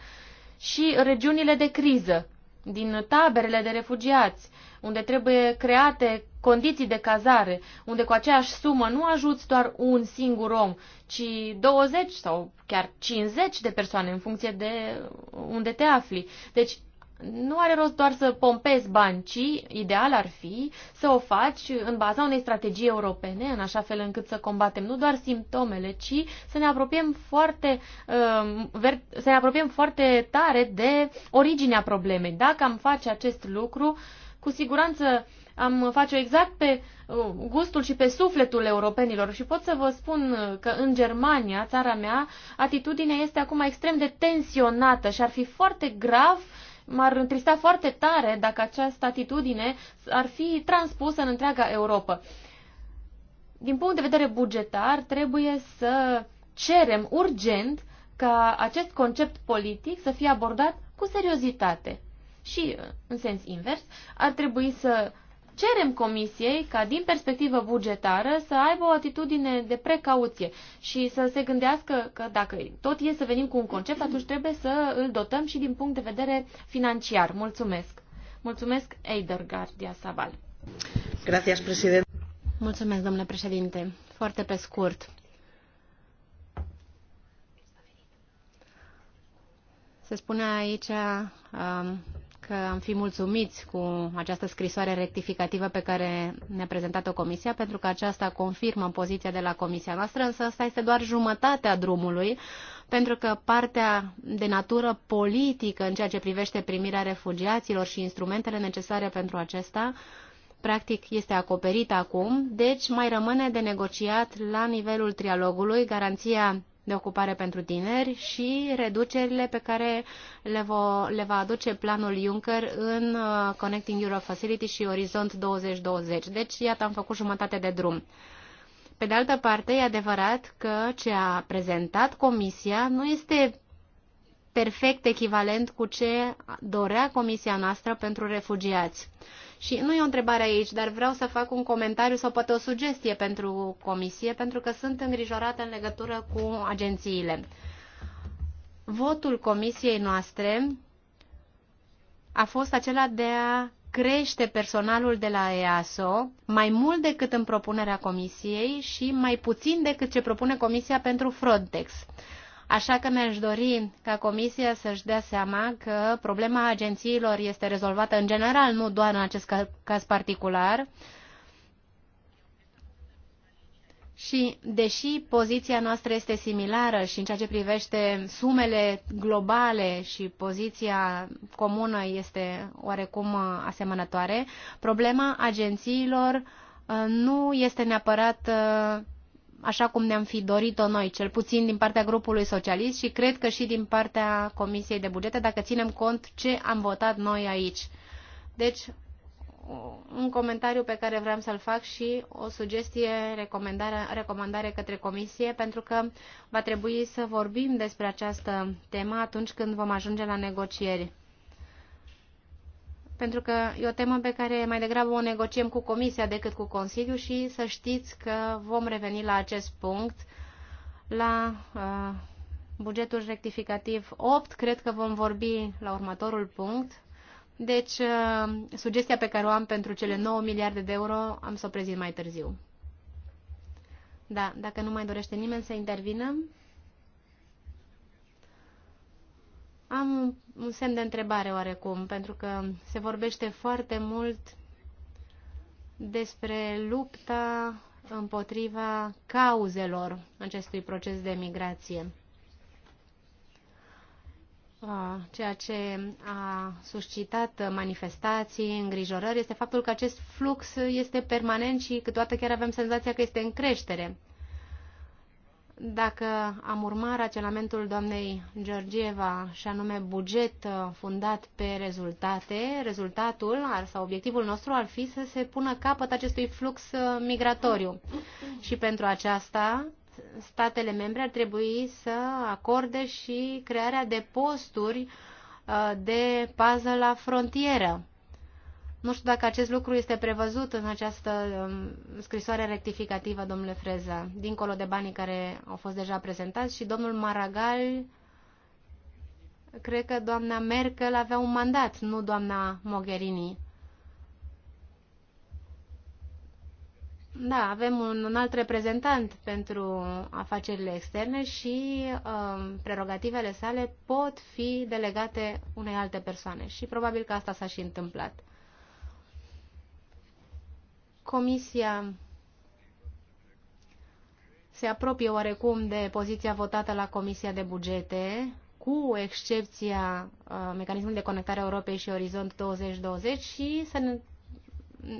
și regiunile de criză, din taberele de refugiați, unde trebuie create condiții de cazare, unde cu aceeași sumă nu ajuți doar un singur om, ci 20 sau chiar 50 de persoane în funcție de unde te afli. Deci nu are rost doar să pompezi bani, ci ideal ar fi să o faci în baza unei strategii europene, în așa fel încât să combatem nu doar simptomele, ci să ne apropiem foarte, um, să ne apropiem foarte tare de originea problemei. Dacă am face acest lucru, cu siguranță am face exact pe uh, gustul și pe sufletul europenilor și pot să vă spun uh, că în Germania, țara mea, atitudinea este acum extrem de tensionată și ar fi foarte grav m-ar întrista foarte tare dacă această atitudine ar fi transpusă în întreaga Europa. Din punct de vedere bugetar, trebuie să cerem urgent ca acest concept politic să fie abordat cu seriozitate și în sens invers, ar trebui să cerem comisiei ca din perspectivă bugetară să aibă o atitudine de precauție și să se gândească că dacă tot e să venim cu un concept, atunci trebuie să îl dotăm și din punct de vedere financiar. Mulțumesc! Mulțumesc, Eider Gardia Sabal. Gracias, președinte. Mulțumesc, domnule președinte. Foarte pe scurt. Se spune aici um, că am fi mulțumiți cu această scrisoare rectificativă pe care ne-a prezentat-o Comisia, pentru că aceasta confirmă poziția de la Comisia noastră, însă asta este doar jumătatea drumului, pentru că partea de natură politică în ceea ce privește primirea refugiaților și instrumentele necesare pentru acesta, practic este acoperită acum, deci mai rămâne de negociat la nivelul trialogului garanția de ocupare pentru tineri și reducerile pe care le, vo, le va aduce planul Juncker în uh, Connecting Europe Facility și Orizont 2020. Deci, iată, am făcut jumătate de drum. Pe de altă parte, e adevărat că ce a prezentat Comisia nu este perfect echivalent cu ce dorea Comisia noastră pentru refugiați. Și nu e o întrebare aici, dar vreau să fac un comentariu sau poate o sugestie pentru comisie, pentru că sunt îngrijorată în legătură cu agențiile. Votul comisiei noastre a fost acela de a crește personalul de la EASO mai mult decât în propunerea comisiei și mai puțin decât ce propune comisia pentru Frontex. Așa că mi-aș dori ca Comisia să-și dea seama că problema agențiilor este rezolvată în general, nu doar în acest caz particular. Și deși poziția noastră este similară și în ceea ce privește sumele globale și poziția comună este oarecum asemănătoare, problema agențiilor uh, nu este neapărat uh, așa cum ne-am fi dorit-o noi, cel puțin din partea grupului socialist și cred că și din partea Comisiei de Bugete, dacă ținem cont ce am votat noi aici. Deci, un comentariu pe care vreau să-l fac și o sugestie, recomandare, recomandare către Comisie, pentru că va trebui să vorbim despre această temă atunci când vom ajunge la negocieri pentru că e o temă pe care mai degrabă o negociem cu Comisia decât cu Consiliu și să știți că vom reveni la acest punct la uh, bugetul rectificativ 8, cred că vom vorbi la următorul punct. Deci, uh, sugestia pe care o am pentru cele 9 miliarde de euro am să o prezint mai târziu. Da, dacă nu mai dorește nimeni să intervină, Am un semn de întrebare oarecum, pentru că se vorbește foarte mult despre lupta împotriva cauzelor acestui proces de migrație ceea ce a suscitat manifestații, îngrijorări, este faptul că acest flux este permanent și câteodată chiar avem senzația că este în creștere. Dacă am urma raționamentul doamnei Georgieva și anume buget uh, fundat pe rezultate, rezultatul ar, sau obiectivul nostru ar fi să se pună capăt acestui flux uh, migratoriu. Și pentru aceasta, statele membre ar trebui să acorde și crearea de posturi uh, de pază la frontieră nu știu dacă acest lucru este prevăzut în această um, scrisoare rectificativă, domnule Freza, dincolo de banii care au fost deja prezentați și domnul Maragal, cred că doamna Merkel avea un mandat, nu doamna Mogherini. Da, avem un, un alt reprezentant pentru afacerile externe și uh, prerogativele sale pot fi delegate unei alte persoane și probabil că asta s-a și întâmplat. Comisia se apropie oarecum de poziția votată la Comisia de Bugete, cu excepția uh, mecanismului de conectare a Europei și Orizont 2020 și să ne,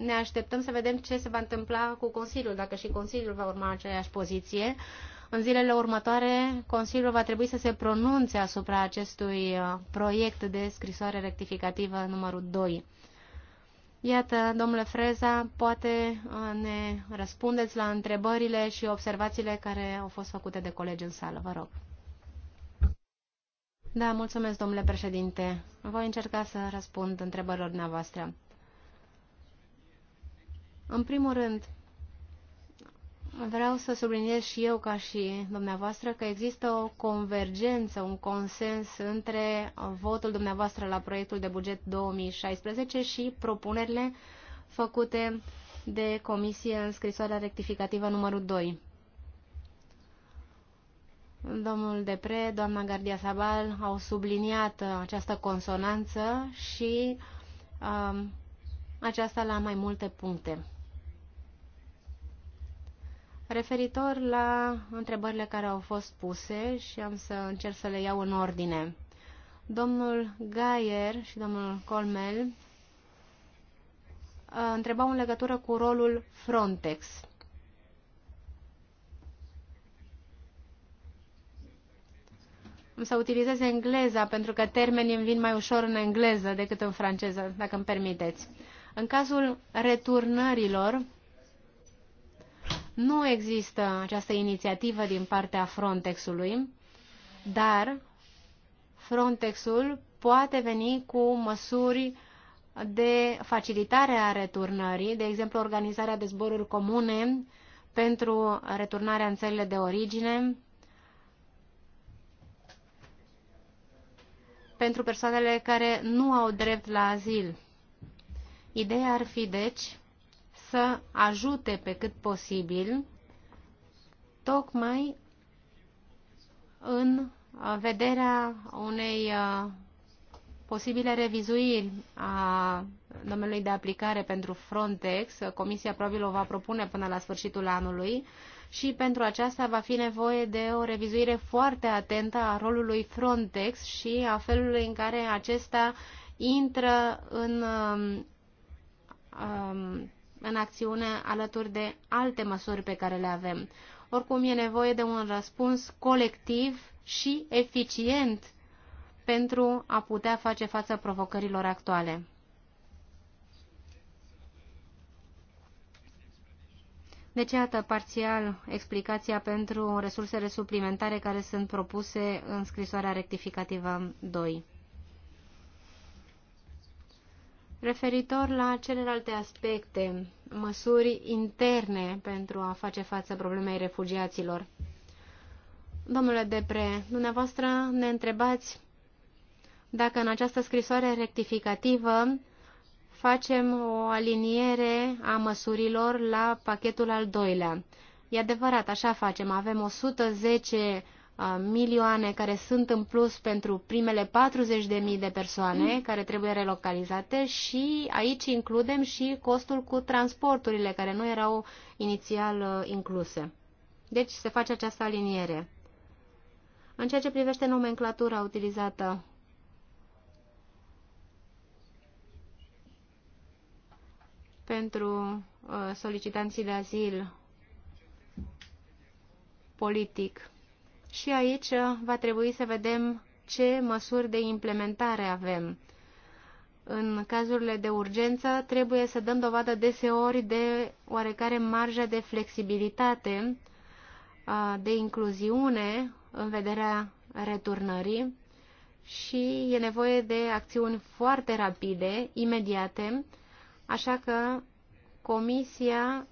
ne așteptăm să vedem ce se va întâmpla cu Consiliul, dacă și Consiliul va urma aceeași poziție. În zilele următoare, Consiliul va trebui să se pronunțe asupra acestui uh, proiect de scrisoare rectificativă numărul 2. Iată, domnule Freza, poate uh, ne răspundeți la întrebările și observațiile care au fost făcute de colegi în sală. Vă rog. Da, mulțumesc, domnule președinte. Voi încerca să răspund întrebărilor dumneavoastră. În primul rând, Vreau să subliniez și eu, ca și dumneavoastră, că există o convergență, un consens între votul dumneavoastră la proiectul de buget 2016 și propunerile făcute de comisie în scrisoarea rectificativă numărul 2. Domnul Depre, doamna Gardia Sabal au subliniat această consonanță și um, aceasta la mai multe puncte. Referitor la întrebările care au fost puse și am să încerc să le iau în ordine. Domnul Gaier și domnul Colmel uh, întrebau în legătură cu rolul Frontex. Am să utilizez engleza pentru că termenii îmi vin mai ușor în engleză decât în franceză, dacă îmi permiteți. În cazul returnărilor, nu există această inițiativă din partea Frontexului, dar Frontexul poate veni cu măsuri de facilitare a returnării, de exemplu organizarea de zboruri comune pentru returnarea în țările de origine, pentru persoanele care nu au drept la azil. Ideea ar fi, deci, să ajute pe cât posibil tocmai în vederea unei uh, posibile revizuiri a domeniului de aplicare pentru Frontex. Comisia probabil o va propune până la sfârșitul anului și pentru aceasta va fi nevoie de o revizuire foarte atentă a rolului Frontex și a felului în care acesta intră în um, um în acțiune alături de alte măsuri pe care le avem. Oricum, e nevoie de un răspuns colectiv și eficient pentru a putea face față provocărilor actuale. Deci, iată parțial explicația pentru resursele suplimentare care sunt propuse în scrisoarea rectificativă 2. Referitor la celelalte aspecte, măsuri interne pentru a face față problemei refugiaților. Domnule Depre, dumneavoastră ne întrebați dacă în această scrisoare rectificativă facem o aliniere a măsurilor la pachetul al doilea. E adevărat, așa facem. Avem 110 milioane care sunt în plus pentru primele 40.000 de persoane mm. care trebuie relocalizate și aici includem și costul cu transporturile care nu erau inițial uh, incluse. Deci se face această aliniere. În ceea ce privește nomenclatura utilizată pentru uh, solicitanții de azil politic, și aici uh, va trebui să vedem ce măsuri de implementare avem. În cazurile de urgență trebuie să dăm dovadă deseori de oarecare marjă de flexibilitate, uh, de incluziune în vederea returnării și e nevoie de acțiuni foarte rapide, imediate, așa că Comisia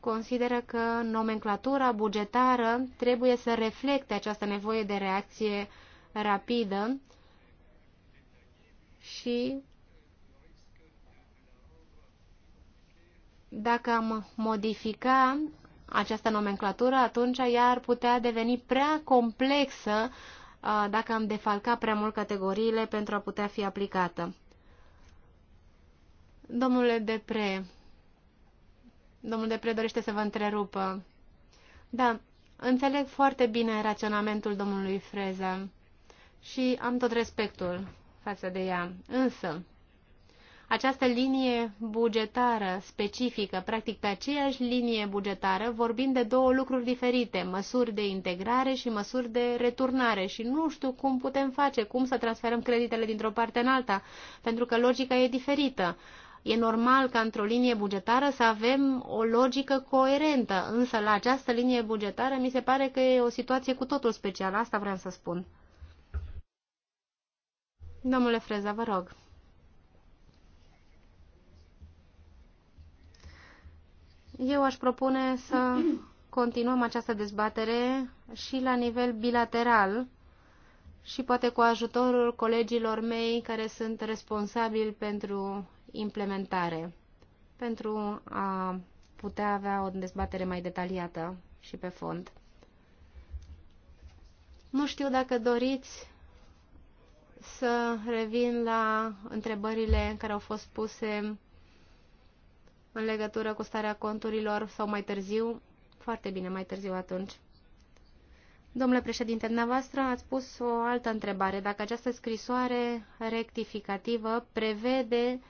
consideră că nomenclatura bugetară trebuie să reflecte această nevoie de reacție rapidă și dacă am modifica această nomenclatură, atunci ea ar putea deveni prea complexă uh, dacă am defalcat prea mult categoriile pentru a putea fi aplicată. Domnule Depre, Domnul Depre dorește să vă întrerupă. Da, înțeleg foarte bine raționamentul domnului Freza și am tot respectul față de ea. Însă, această linie bugetară specifică, practic pe aceeași linie bugetară, vorbim de două lucruri diferite, măsuri de integrare și măsuri de returnare și nu știu cum putem face, cum să transferăm creditele dintr-o parte în alta, pentru că logica e diferită. E normal ca într-o linie bugetară să avem o logică coerentă, însă la această linie bugetară mi se pare că e o situație cu totul specială, asta vreau să spun. Domnule Freza, vă rog. Eu aș propune să continuăm această dezbatere și la nivel bilateral și poate cu ajutorul colegilor mei care sunt responsabili pentru implementare pentru a putea avea o dezbatere mai detaliată și pe fond. Nu știu dacă doriți să revin la întrebările care au fost puse în legătură cu starea conturilor sau mai târziu. Foarte bine, mai târziu atunci. Domnule președinte, dumneavoastră ați pus o altă întrebare. Dacă această scrisoare rectificativă prevede uh,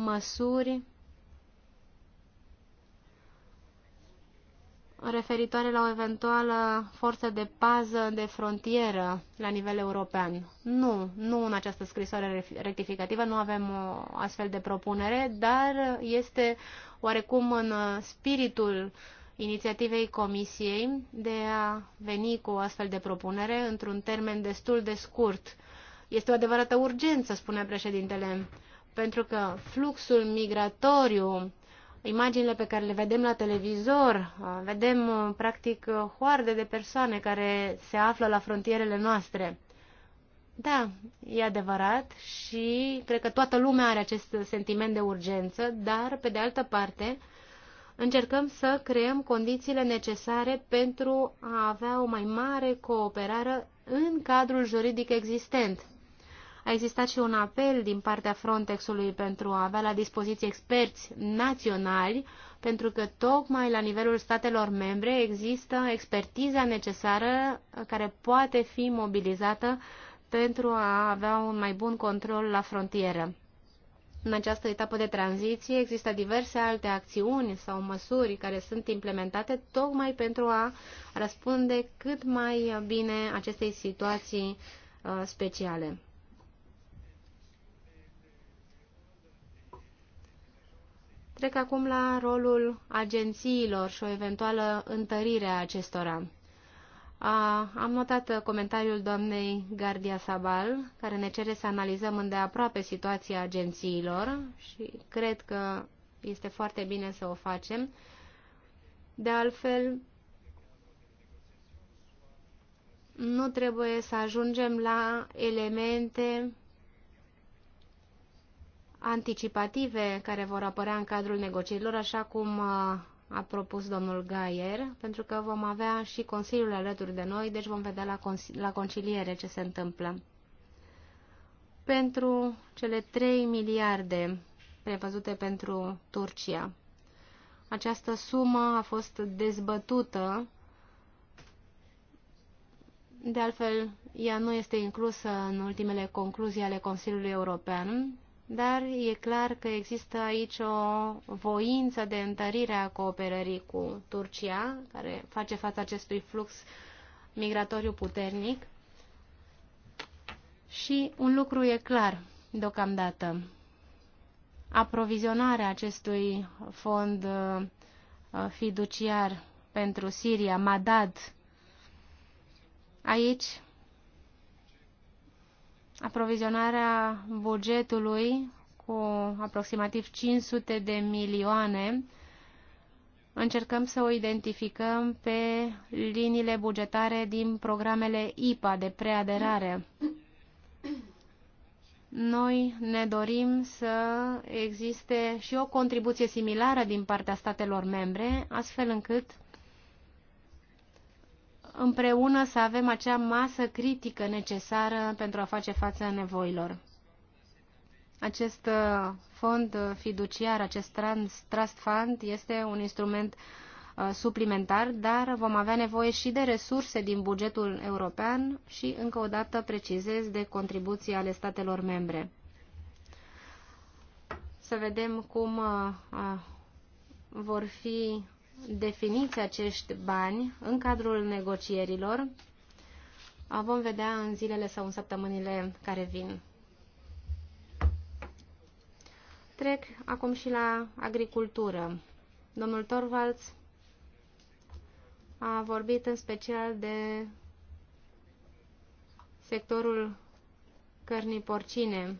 măsuri referitoare la o eventuală forță de pază de frontieră la nivel european. Nu, nu în această scrisoare rectificativă, nu avem o astfel de propunere, dar este oarecum în spiritul inițiativei Comisiei de a veni cu o astfel de propunere într-un termen destul de scurt. Este o adevărată urgență, spune președintele pentru că fluxul migratoriu, imaginile pe care le vedem la televizor, uh, vedem uh, practic uh, hoarde de persoane care se află la frontierele noastre. Da, e adevărat și cred că toată lumea are acest sentiment de urgență, dar, pe de altă parte, încercăm să creăm condițiile necesare pentru a avea o mai mare cooperare în cadrul juridic existent. A existat și un apel din partea Frontexului pentru a avea la dispoziție experți naționali, pentru că tocmai la nivelul statelor membre există expertiza necesară care poate fi mobilizată pentru a avea un mai bun control la frontieră. În această etapă de tranziție există diverse alte acțiuni sau măsuri care sunt implementate tocmai pentru a răspunde cât mai bine acestei situații uh, speciale. Trec acum la rolul agențiilor și o eventuală întărire a acestora. A, am notat comentariul doamnei Gardia Sabal, care ne cere să analizăm îndeaproape situația agențiilor și cred că este foarte bine să o facem. De altfel, nu trebuie să ajungem la elemente anticipative care vor apărea în cadrul negocierilor, așa cum uh, a propus domnul Gaier, pentru că vom avea și Consiliul alături de noi, deci vom vedea la, la conciliere ce se întâmplă. Pentru cele 3 miliarde prevăzute pentru Turcia. Această sumă a fost dezbătută. De altfel, ea nu este inclusă în ultimele concluzii ale Consiliului European, dar e clar că există aici o voință de întărire a cooperării cu Turcia, care face față acestui flux migratoriu puternic. Și un lucru e clar deocamdată. Aprovizionarea acestui fond uh, fiduciar pentru Siria, MADAD, aici aprovizionarea bugetului cu aproximativ 500 de milioane, încercăm să o identificăm pe liniile bugetare din programele IPA de preaderare. Noi ne dorim să existe și o contribuție similară din partea statelor membre, astfel încât împreună să avem acea masă critică necesară pentru a face față nevoilor. Acest uh, fond fiduciar, acest trust fund, este un instrument uh, suplimentar, dar vom avea nevoie și de resurse din bugetul european și, încă o dată, precizez, de contribuții ale statelor membre. Să vedem cum uh, vor fi definiți acești bani în cadrul negocierilor. Vom vedea în zilele sau în săptămânile care vin. Trec acum și la agricultură. Domnul Torvalds a vorbit în special de sectorul cărnii porcine.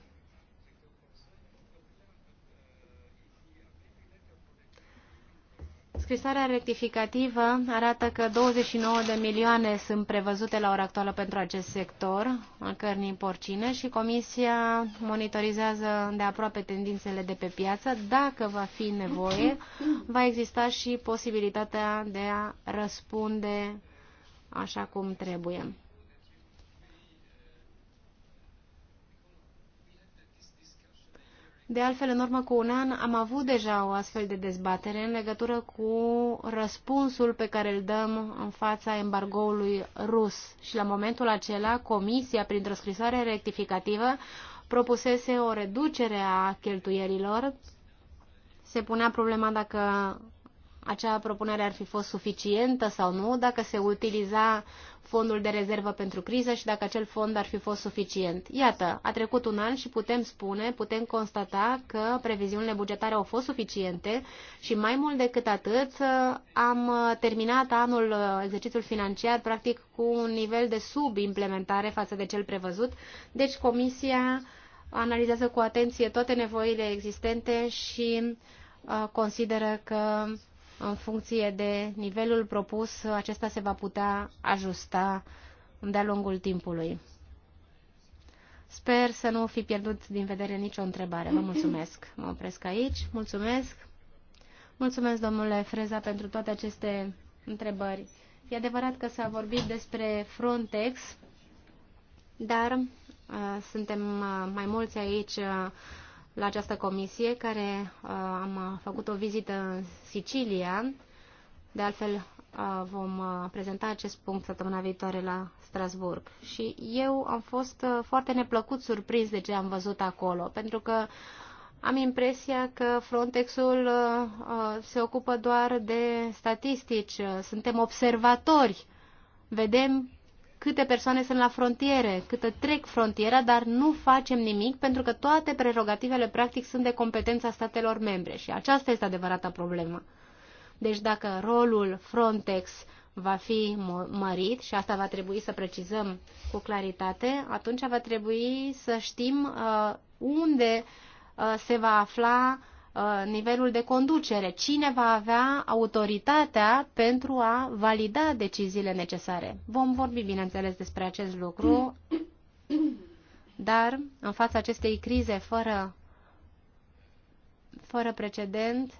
Scrisoarea rectificativă arată că 29 de milioane sunt prevăzute la ora actuală pentru acest sector al cărnii porcine și Comisia monitorizează de aproape tendințele de pe piață. Dacă va fi nevoie, va exista și posibilitatea de a răspunde așa cum trebuie. De altfel, în urmă cu un an am avut deja o astfel de dezbatere în legătură cu răspunsul pe care îl dăm în fața embargoului rus și la momentul acela Comisia, printr-o scrisoare rectificativă, propusese o reducere a cheltuierilor. Se punea problema dacă acea propunere ar fi fost suficientă sau nu, dacă se utiliza fondul de rezervă pentru criză și dacă acel fond ar fi fost suficient. Iată, a trecut un an și putem spune, putem constata că previziunile bugetare au fost suficiente și mai mult decât atât am terminat anul, exercițiul financiar, practic cu un nivel de subimplementare față de cel prevăzut. Deci Comisia analizează cu atenție toate nevoile existente și uh, consideră că în funcție de nivelul propus, acesta se va putea ajusta de-a lungul timpului. Sper să nu fi pierdut din vedere nicio întrebare. Vă mulțumesc. Mă opresc aici. Mulțumesc. Mulțumesc, domnule Freza, pentru toate aceste întrebări. E adevărat că s-a vorbit despre Frontex, dar uh, suntem uh, mai mulți aici uh, la această comisie, care uh, am făcut o vizită în Sicilia. De altfel, uh, vom uh, prezenta acest punct săptămâna viitoare la Strasburg. Și eu am fost foarte neplăcut surprins de ce am văzut acolo, pentru că am impresia că Frontexul se ocupă doar de statistici, suntem observatori, vedem câte persoane sunt la frontiere, câtă trec frontiera, dar nu facem nimic pentru că toate prerogativele practic sunt de competența statelor membre și aceasta este adevărata problemă. Deci dacă rolul Frontex va fi mărit și asta va trebui să precizăm cu claritate, atunci va trebui să știm uh, unde uh, se va afla uh, Uh, nivelul de conducere, cine va avea autoritatea pentru a valida deciziile necesare. Vom vorbi, bineînțeles, despre acest lucru, dar în fața acestei crize fără, fără precedent,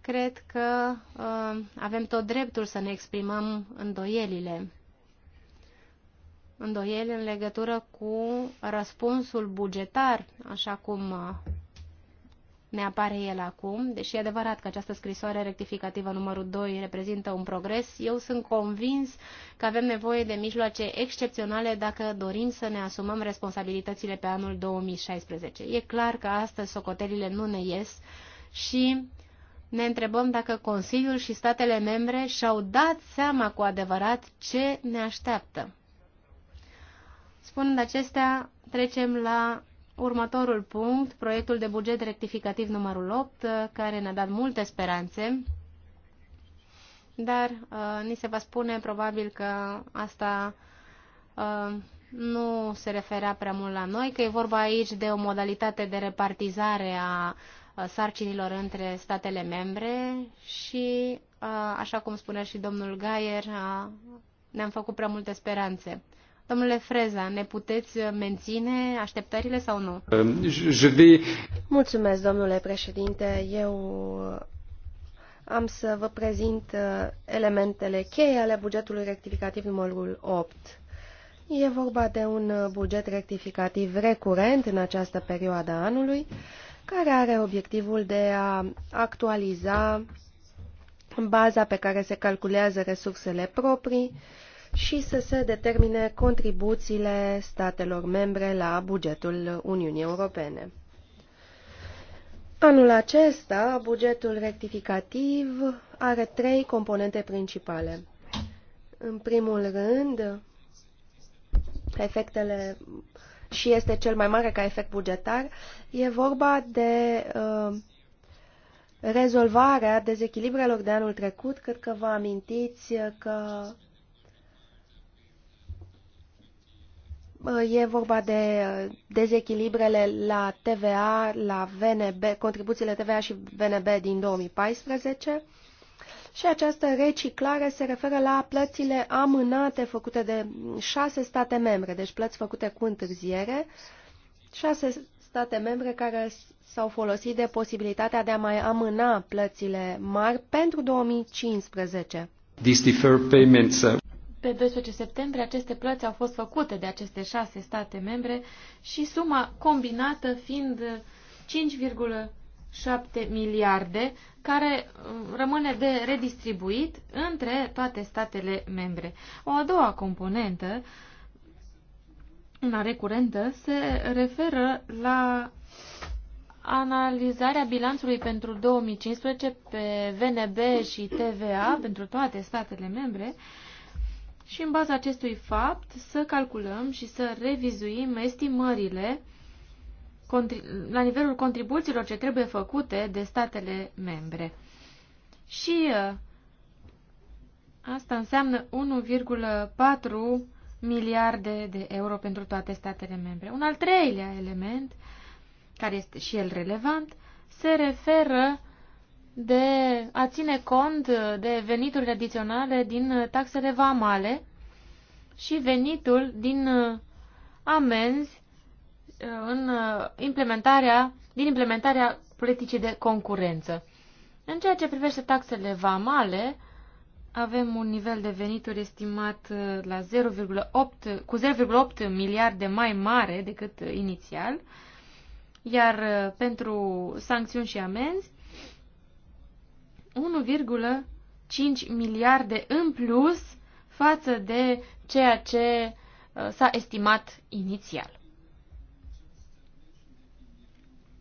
cred că uh, avem tot dreptul să ne exprimăm îndoielile. Îndoieli în legătură cu răspunsul bugetar, așa cum uh, ne apare el acum, deși e adevărat că această scrisoare rectificativă numărul 2 reprezintă un progres, eu sunt convins că avem nevoie de mijloace excepționale dacă dorim să ne asumăm responsabilitățile pe anul 2016. E clar că astăzi socotelile nu ne ies și ne întrebăm dacă Consiliul și statele membre și-au dat seama cu adevărat ce ne așteaptă. Spunând acestea, trecem la următorul punct, proiectul de buget rectificativ numărul 8, uh, care ne-a dat multe speranțe, dar uh, ni se va spune probabil că asta uh, nu se referea prea mult la noi, că e vorba aici de o modalitate de repartizare a uh, sarcinilor între statele membre și, uh, așa cum spunea și domnul Gaier, ne-am făcut prea multe speranțe Domnule Freza, ne puteți uh, menține așteptările sau nu? Mulțumesc, domnule președinte. Eu uh, am să vă prezint uh, elementele cheie ale bugetului rectificativ numărul 8. E vorba de un buget rectificativ recurent în această perioadă anului, care are obiectivul de a actualiza baza pe care se calculează resursele proprii, și să se determine contribuțiile statelor membre la bugetul Uniunii Europene. Anul acesta, bugetul rectificativ are trei componente principale. În primul rând, efectele și este cel mai mare ca efect bugetar, e vorba de uh, rezolvarea dezechilibrelor de anul trecut. Cred că vă amintiți că E vorba de uh, dezechilibrele la TVA, la VNB, contribuțiile TVA și VNB din 2014 și această reciclare se referă la plățile amânate făcute de șase state membre, deci plăți făcute cu întârziere, șase state membre care s-au folosit de posibilitatea de a mai amâna plățile mari pentru 2015. These deferred payments uh, pe 12 septembrie aceste plăți au fost făcute de aceste șase state membre și suma combinată fiind 5,7 miliarde, care uh, rămâne de redistribuit între toate statele membre. O a doua componentă, una recurentă, se referă la analizarea bilanțului pentru 2015 pe VNB și TVA pentru toate statele membre și în baza acestui fapt să calculăm și să revizuim estimările la nivelul contribuțiilor ce trebuie făcute de statele membre. Și uh, asta înseamnă 1,4 miliarde de euro pentru toate statele membre. Un al treilea element, care este și el relevant, se referă de a ține cont de venituri adiționale din taxele vamale și venitul din uh, amenzi uh, în uh, implementarea, din implementarea politicii de concurență. În ceea ce privește taxele vamale, avem un nivel de venituri estimat la 0,8, cu 0,8 miliarde mai mare decât inițial, iar pentru sancțiuni și amenzi 1,5 miliarde în plus față de ceea ce uh, s-a estimat inițial.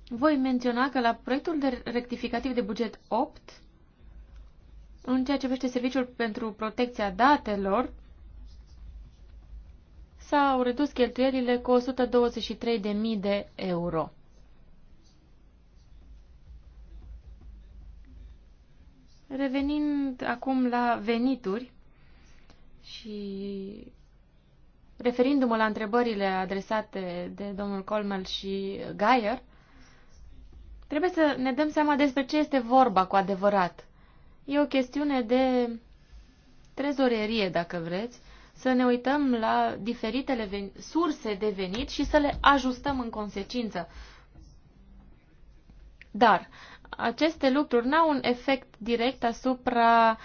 Voi menționa că la proiectul de rectificativ de buget 8, în ceea ce privește serviciul pentru protecția datelor, s-au redus cheltuielile cu 123.000 de euro. Revenind acum la venituri și referindu-mă la întrebările adresate de domnul Colmel și Gaier, trebuie să ne dăm seama despre ce este vorba cu adevărat. E o chestiune de trezorerie, dacă vreți, să ne uităm la diferitele surse de venit și să le ajustăm în consecință. Dar aceste lucruri n-au un efect direct asupra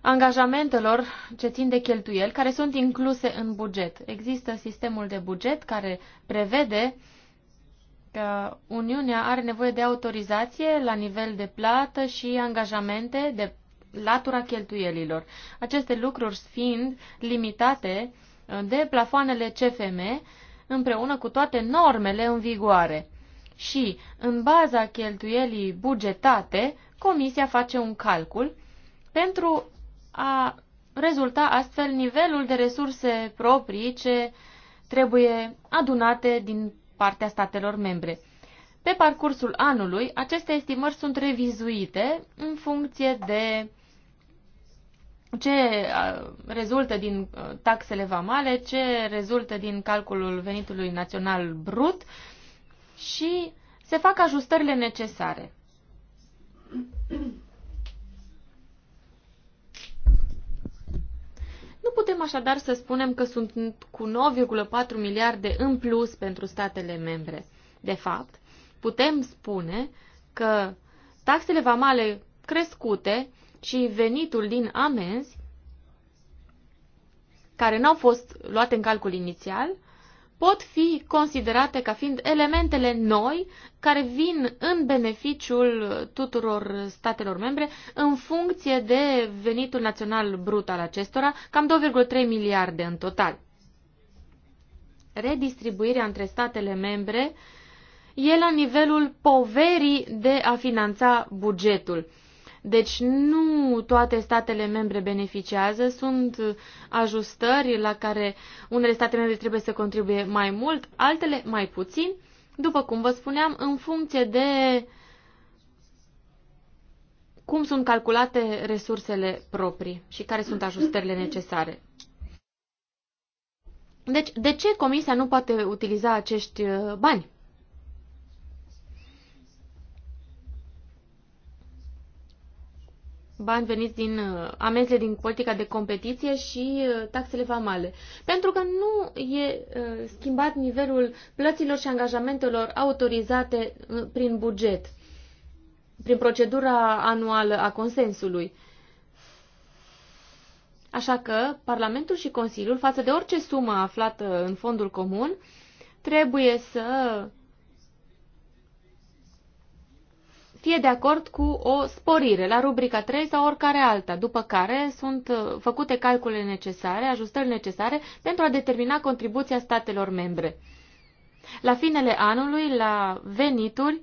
angajamentelor ce țin de cheltuieli, care sunt incluse în buget. Există sistemul de buget care prevede că Uniunea are nevoie de autorizație la nivel de plată și angajamente de latura cheltuielilor. Aceste lucruri fiind limitate de plafoanele CFM împreună cu toate normele în vigoare și, în baza cheltuielii bugetate, Comisia face un calcul pentru a rezulta astfel nivelul de resurse proprii ce trebuie adunate din partea statelor membre. Pe parcursul anului, aceste estimări sunt revizuite în funcție de ce rezultă din uh, taxele vamale, ce rezultă din calculul venitului național brut și se fac ajustările necesare. Nu putem așadar să spunem că sunt cu 9,4 miliarde în plus pentru statele membre. De fapt, putem spune că taxele vamale crescute și venitul din amenzi, care n-au fost luate în calcul inițial, pot fi considerate ca fiind elementele noi care vin în beneficiul tuturor statelor membre în funcție de venitul național brut al acestora, cam 2,3 miliarde în total. Redistribuirea între statele membre e la nivelul poverii de a finanța bugetul. Deci nu toate statele membre beneficiază, sunt ajustări la care unele state membre trebuie să contribuie mai mult, altele mai puțin, după cum vă spuneam, în funcție de cum sunt calculate resursele proprii și care sunt ajustările necesare. Deci, de ce Comisia nu poate utiliza acești uh, bani? bani veniți din uh, amenzile din politica de competiție și uh, taxele vamale. Pentru că nu e uh, schimbat nivelul plăților și angajamentelor autorizate prin buget, prin procedura anuală a consensului. Așa că Parlamentul și Consiliul, față de orice sumă aflată în fondul comun, trebuie să fie de acord cu o sporire la rubrica 3 sau oricare alta, după care sunt uh, făcute calculele necesare, ajustări necesare pentru a determina contribuția statelor membre. La finele anului, la venituri,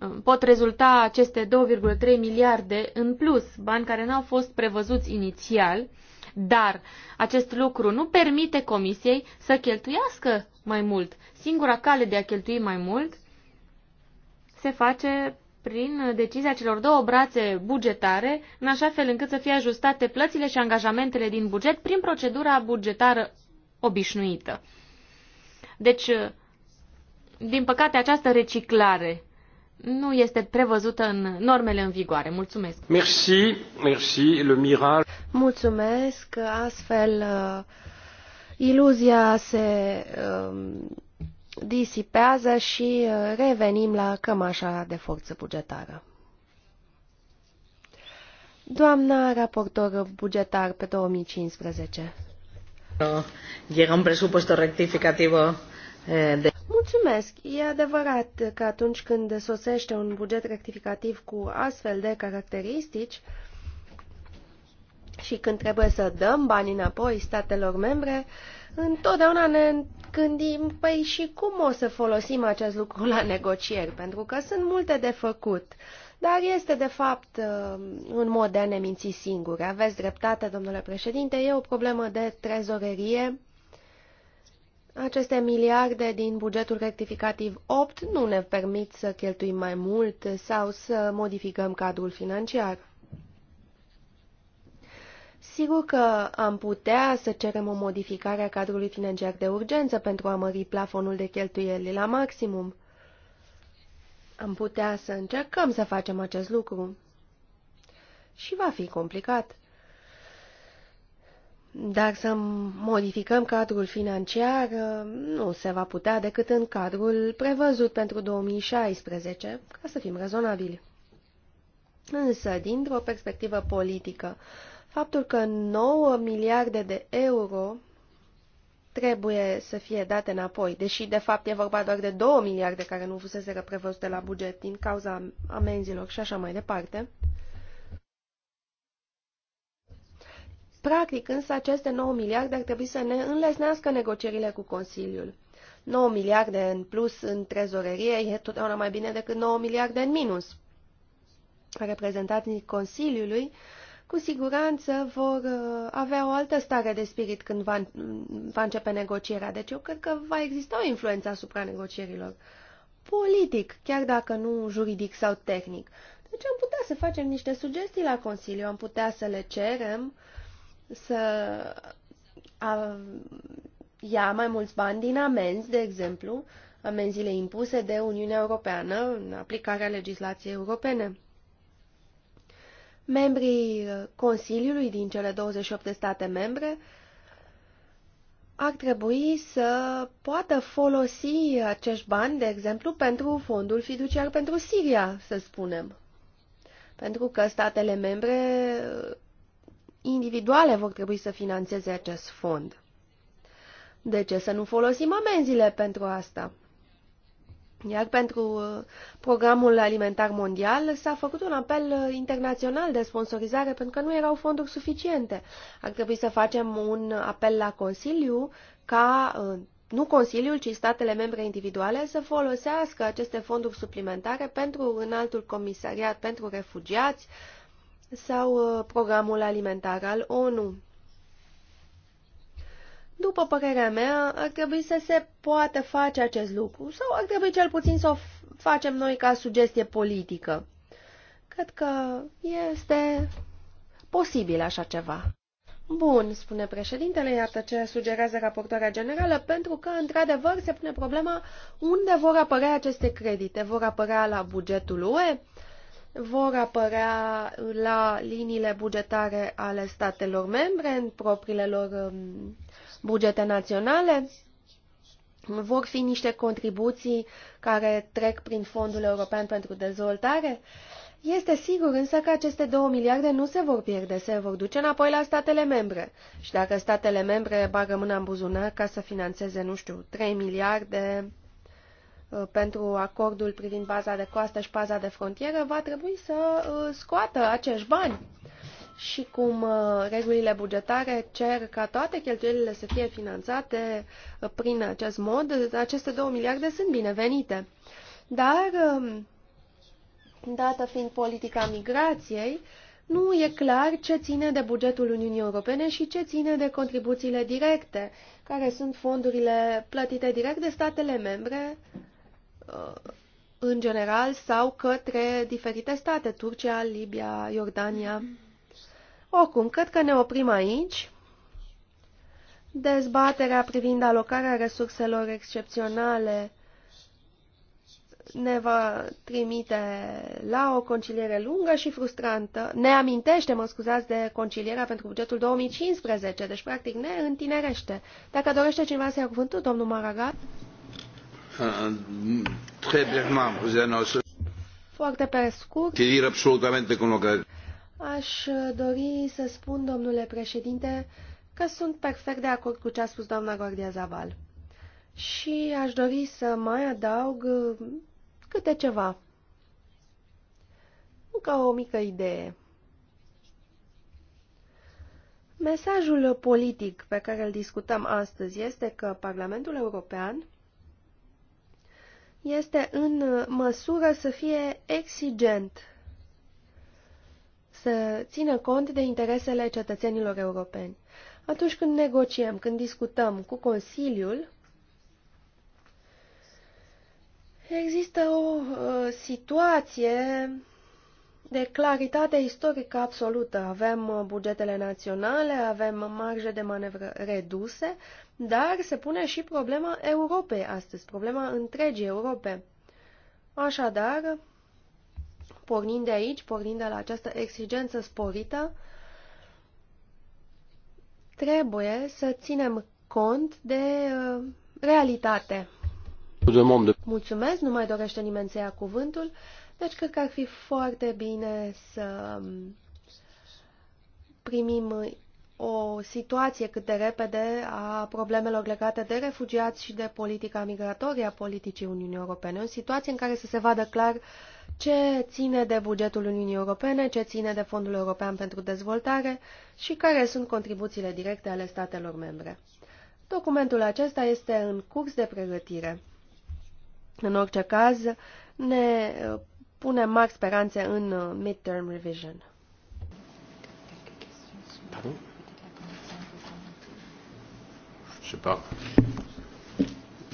uh, pot rezulta aceste 2,3 miliarde în plus, bani care n-au fost prevăzuți inițial, dar acest lucru nu permite Comisiei să cheltuiască mai mult. Singura cale de a cheltui mai mult se face prin decizia celor două brațe bugetare, în așa fel încât să fie ajustate plățile și angajamentele din buget prin procedura bugetară obișnuită. Deci, din păcate, această reciclare nu este prevăzută în normele în vigoare. Mulțumesc. Merci, merci, le miral. Mulțumesc, astfel uh, iluzia se um, disipează și uh, revenim la cămașa de forță bugetară. Doamna raportor bugetar pe 2015. Llega un presupuesto rectificativ eh, de... Mulțumesc! E adevărat că atunci când sosește un buget rectificativ cu astfel de caracteristici și când trebuie să dăm bani înapoi statelor membre, întotdeauna ne gândim, păi și cum o să folosim acest lucru la negocieri, pentru că sunt multe de făcut. Dar este, de fapt, uh, un mod de a ne minți singuri. Aveți dreptate, domnule președinte, e o problemă de trezorerie. Aceste miliarde din bugetul rectificativ 8 nu ne permit să cheltuim mai mult sau să modificăm cadrul financiar. Sigur că am putea să cerem o modificare a cadrului financiar de urgență pentru a mări plafonul de cheltuieli la maximum. Am putea să încercăm să facem acest lucru. Și va fi complicat. Dar să modificăm cadrul financiar nu se va putea decât în cadrul prevăzut pentru 2016, ca să fim rezonabili. Însă, dintr-o perspectivă politică, faptul că 9 miliarde de euro trebuie să fie date înapoi, deși de fapt e vorba doar de 2 miliarde care nu fusese prevăzute la buget din cauza amenzilor și așa mai departe. Practic, însă, aceste 9 miliarde ar trebui să ne înlesnească negocierile cu Consiliul. 9 miliarde în plus în trezorerie e totdeauna mai bine decât 9 miliarde în minus. Reprezentanții Consiliului cu siguranță vor uh, avea o altă stare de spirit când va, va începe negocierea. Deci eu cred că va exista o influență asupra negocierilor. Politic, chiar dacă nu juridic sau tehnic. Deci am putea să facem niște sugestii la Consiliu, am putea să le cerem să a, ia mai mulți bani din amenzi, de exemplu, amenziile impuse de Uniunea Europeană în aplicarea legislației europene. Membrii uh, Consiliului din cele 28 de state membre ar trebui să poată folosi acești bani, de exemplu, pentru fondul fiduciar pentru Siria, să spunem. Pentru că statele membre uh, individuale vor trebui să financeze acest fond. De ce să nu folosim amenziile pentru asta? Iar pentru uh, programul alimentar mondial s-a făcut un apel uh, internațional de sponsorizare pentru că nu erau fonduri suficiente. Ar trebui să facem un apel la Consiliu ca uh, nu Consiliul, ci statele membre individuale să folosească aceste fonduri suplimentare pentru înaltul comisariat pentru refugiați sau programul alimentar al ONU. După părerea mea, ar trebui să se poată face acest lucru sau ar trebui cel puțin să o facem noi ca sugestie politică. Cred că este posibil așa ceva. Bun, spune președintele, iată ce sugerează raportoarea generală, pentru că, într-adevăr, se pune problema unde vor apărea aceste credite. Vor apărea la bugetul UE? Vor apărea la liniile bugetare ale statelor membre în propriile lor um, bugete naționale, vor fi niște contribuții care trec prin Fondul European pentru Dezvoltare? Este sigur însă că aceste două miliarde nu se vor pierde, se vor duce înapoi la statele membre. Și dacă statele membre bagă mâna în buzunar ca să financeze, nu știu, 3 miliarde uh, pentru acordul privind baza de coastă și baza de frontieră, va trebui să uh, scoată acești bani și cum uh, regulile bugetare cer ca toate cheltuielile să fie finanțate uh, prin acest mod, aceste 2 miliarde sunt binevenite. Dar, um, dată fiind politica migrației, nu e clar ce ține de bugetul Uniunii Europene și ce ține de contribuțiile directe, care sunt fondurile plătite direct de statele membre uh, în general sau către diferite state, Turcia, Libia, Iordania. Mm. Oricum, cred că ne oprim aici. Dezbaterea privind alocarea resurselor excepționale ne va trimite la o conciliere lungă și frustrantă. Ne amintește, mă scuzați, de concilierea pentru bugetul 2015, deci practic ne întinerește. Dacă dorește cineva să ia cuvântul, domnul Maragat. Uh, Foarte pe scurt. absolutamente con Aș dori să spun, domnule președinte, că sunt perfect de acord cu ce a spus doamna Gordia Zaval. Și aș dori să mai adaug câte ceva. ca o mică idee. Mesajul politic pe care îl discutăm astăzi este că Parlamentul European este în măsură să fie exigent să țină cont de interesele cetățenilor europeni. Atunci când negociem, când discutăm cu Consiliul, există o uh, situație de claritate istorică absolută. Avem uh, bugetele naționale, avem marje de manevră reduse, dar se pune și problema Europei astăzi, problema întregii Europe. Așadar, pornind de aici, pornind de la această exigență sporită, trebuie să ținem cont de uh, realitate. Mulțumesc, nu mai dorește nimeni să ia cuvântul, deci cred că ar fi foarte bine să um, primim o situație cât de repede a problemelor legate de refugiați și de politica migratorie a politicii Uniunii Europene. O situație în care să se vadă clar ce ține de bugetul Uniunii Europene, ce ține de Fondul European pentru Dezvoltare și care sunt contribuțiile directe ale statelor membre. Documentul acesta este în curs de pregătire. În orice caz, ne uh, punem mari speranțe în uh, midterm revision. Pardon? Je sais pas.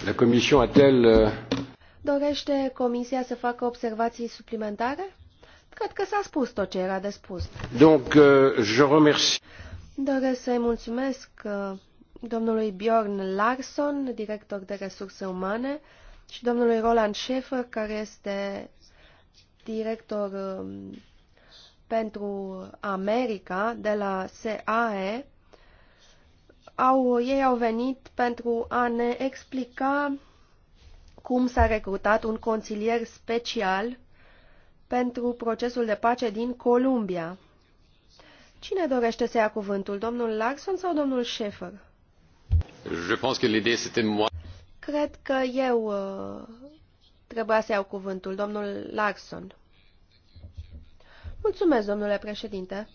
La Commission a-t-elle... Euh, Dorește Comisia să facă observații suplimentare? Cred că s-a spus tot ce era de spus. Donc, euh, je remercie. Doresc să-i mulțumesc uh, domnului Bjorn Larson, director de resurse umane, și domnului Roland Schaefer, care este director um, pentru America de la SAE au, ei au venit pentru a ne explica cum s-a recrutat un consilier special pentru procesul de pace din Columbia. Cine dorește să ia cuvântul, domnul Larson sau domnul Schaeffer? Je pense que l'idée moi. Cred că eu uh, trebuia să iau cuvântul, domnul Larson. Mulțumesc, domnule președinte.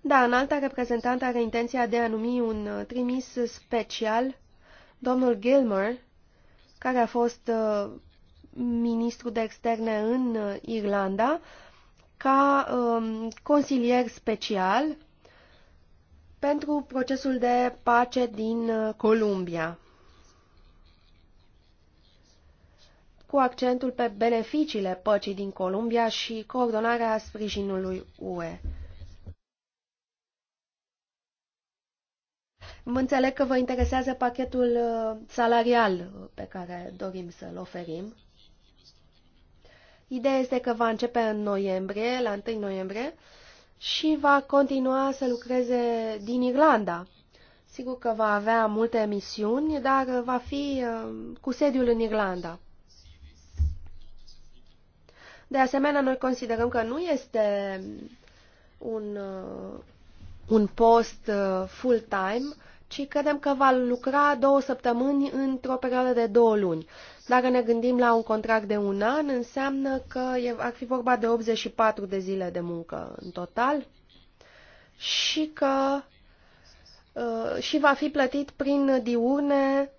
Da, înalta reprezentantă are intenția de a numi un uh, trimis special, domnul Gilmer, care a fost uh, ministru de externe în uh, Irlanda, ca um, consilier special pentru procesul de pace din Columbia, cu accentul pe beneficiile păcii din Columbia și coordonarea sprijinului UE. Înțeleg că vă interesează pachetul uh, salarial pe care dorim să-l oferim. Ideea este că va începe în noiembrie, la 1 noiembrie, și va continua să lucreze din Irlanda. Sigur că va avea multe misiuni, dar va fi uh, cu sediul în Irlanda. De asemenea, noi considerăm că nu este un, uh, un post full-time, ci credem că va lucra două săptămâni într-o perioadă de două luni. Dacă ne gândim la un contract de un an, înseamnă că ar fi vorba de 84 de zile de muncă în total și că uh, și va fi plătit prin diurne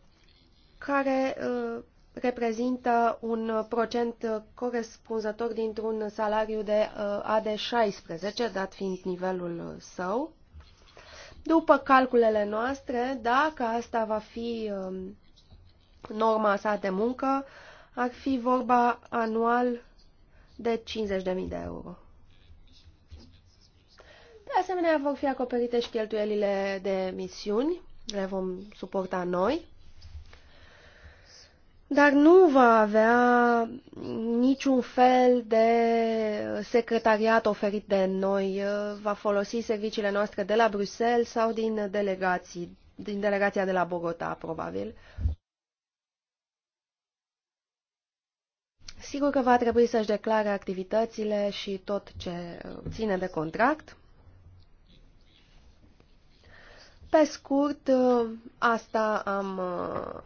care uh, reprezintă un procent corespunzător dintr-un salariu de uh, AD16, dat fiind nivelul său. După calculele noastre, dacă asta va fi um, norma sa de muncă, ar fi vorba anual de 50.000 de euro. De asemenea, vor fi acoperite și cheltuielile de misiuni, le vom suporta noi dar nu va avea niciun fel de secretariat oferit de noi. Uh, va folosi serviciile noastre de la Bruxelles sau din delegații, din delegația de la Bogota, probabil. Sigur că va trebui să-și declare activitățile și tot ce ține de contract. Pe scurt, uh, asta am uh,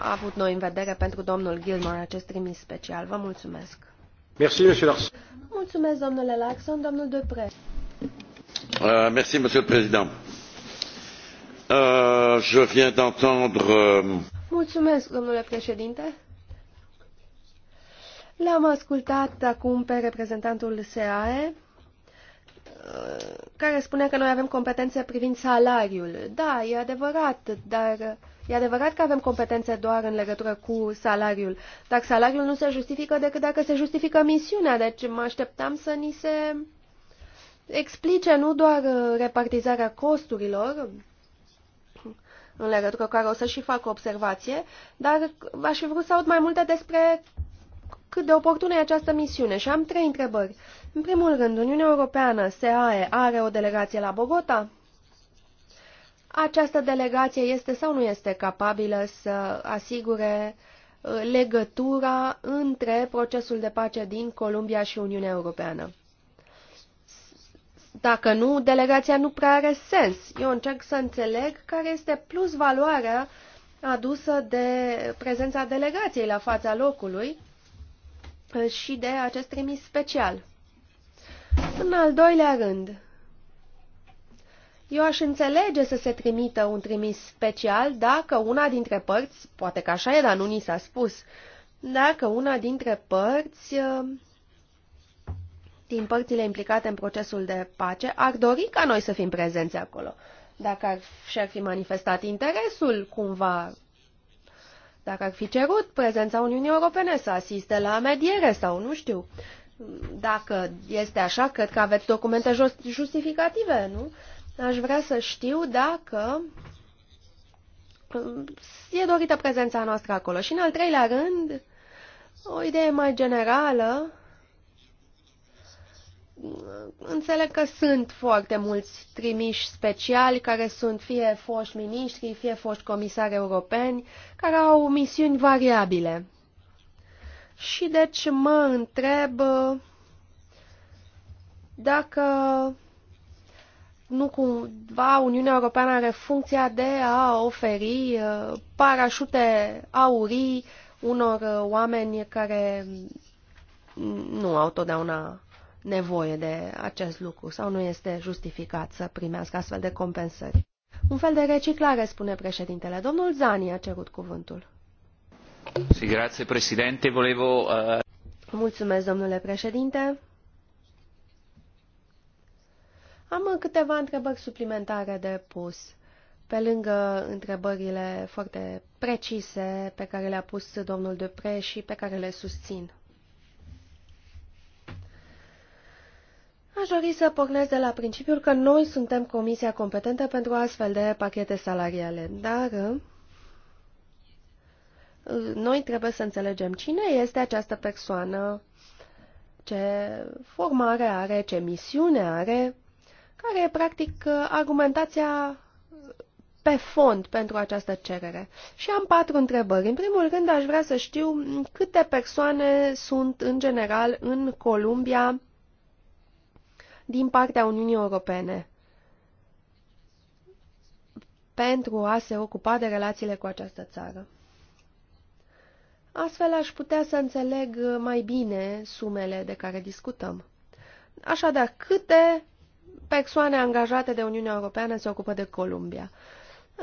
avut noi în vedere pentru domnul Gilmore acest trimis special. Vă mulțumesc. Merci, monsieur Larson. Mulțumesc, domnule Larson. Domnul Depre. Uh, merci, monsieur le président. Uh, je viens d'entendre... Uh... Mulțumesc, domnule președinte. L-am ascultat acum pe reprezentantul SAE, care spunea că noi avem competențe privind salariul. Da, e adevărat, dar E adevărat că avem competențe doar în legătură cu salariul, dar salariul nu se justifică decât dacă se justifică misiunea, deci mă așteptam să ni se explice nu doar uh, repartizarea costurilor, în legătură cu care o să și fac o observație, dar aș fi vrut să aud mai multe despre cât de oportună e această misiune și am trei întrebări. În primul rând, Uniunea Europeană, SAE, are o delegație la Bogota? această delegație este sau nu este capabilă să asigure uh, legătura între procesul de pace din Columbia și Uniunea Europeană. Dacă nu, delegația nu prea are sens. Eu încerc să înțeleg care este plus valoarea adusă de prezența delegației la fața locului uh, și de acest trimis special. În al doilea rând, eu aș înțelege să se trimită un trimis special dacă una dintre părți, poate că așa e, dar nu ni s-a spus, dacă una dintre părți uh, din părțile implicate în procesul de pace ar dori ca noi să fim prezenți acolo. Dacă ar, și-ar fi manifestat interesul cumva, dacă ar fi cerut prezența Uniunii Europene să asiste la mediere sau nu știu. Dacă este așa, cred că aveți documente justificative, nu? Uh, Aș vrea să știu dacă um, e dorită prezența noastră acolo. Și în al treilea rând, o idee mai generală, înțeleg că sunt foarte mulți trimiși speciali care sunt fie foști miniștri, fie foști comisari europeni, care au misiuni variabile. Și deci mă întreb uh, dacă nu cumva Uniunea Europeană are funcția de a oferi uh, parașute aurii unor uh, oameni care mm, nu au totdeauna nevoie de acest lucru sau nu este justificat să primească astfel de compensări. Un fel de reciclare, spune președintele. Domnul Zani a cerut cuvântul. Sì, grazie, Presidente. Volevo, uh... Mulțumesc, domnule președinte. Am câteva întrebări suplimentare de pus. Pe lângă întrebările foarte precise pe care le-a pus domnul Dupre și pe care le susțin. Aș dori să pornesc de la principiul că noi suntem comisia competentă pentru astfel de pachete salariale, dar uh, noi trebuie să înțelegem cine este această persoană, ce formare are, ce misiune are care e practic argumentația pe fond pentru această cerere. Și am patru întrebări. În primul rând, aș vrea să știu câte persoane sunt în general în Columbia din partea Uniunii Europene pentru a se ocupa de relațiile cu această țară. Astfel aș putea să înțeleg mai bine sumele de care discutăm. Așadar, câte persoane angajate de Uniunea Europeană se ocupă de Columbia.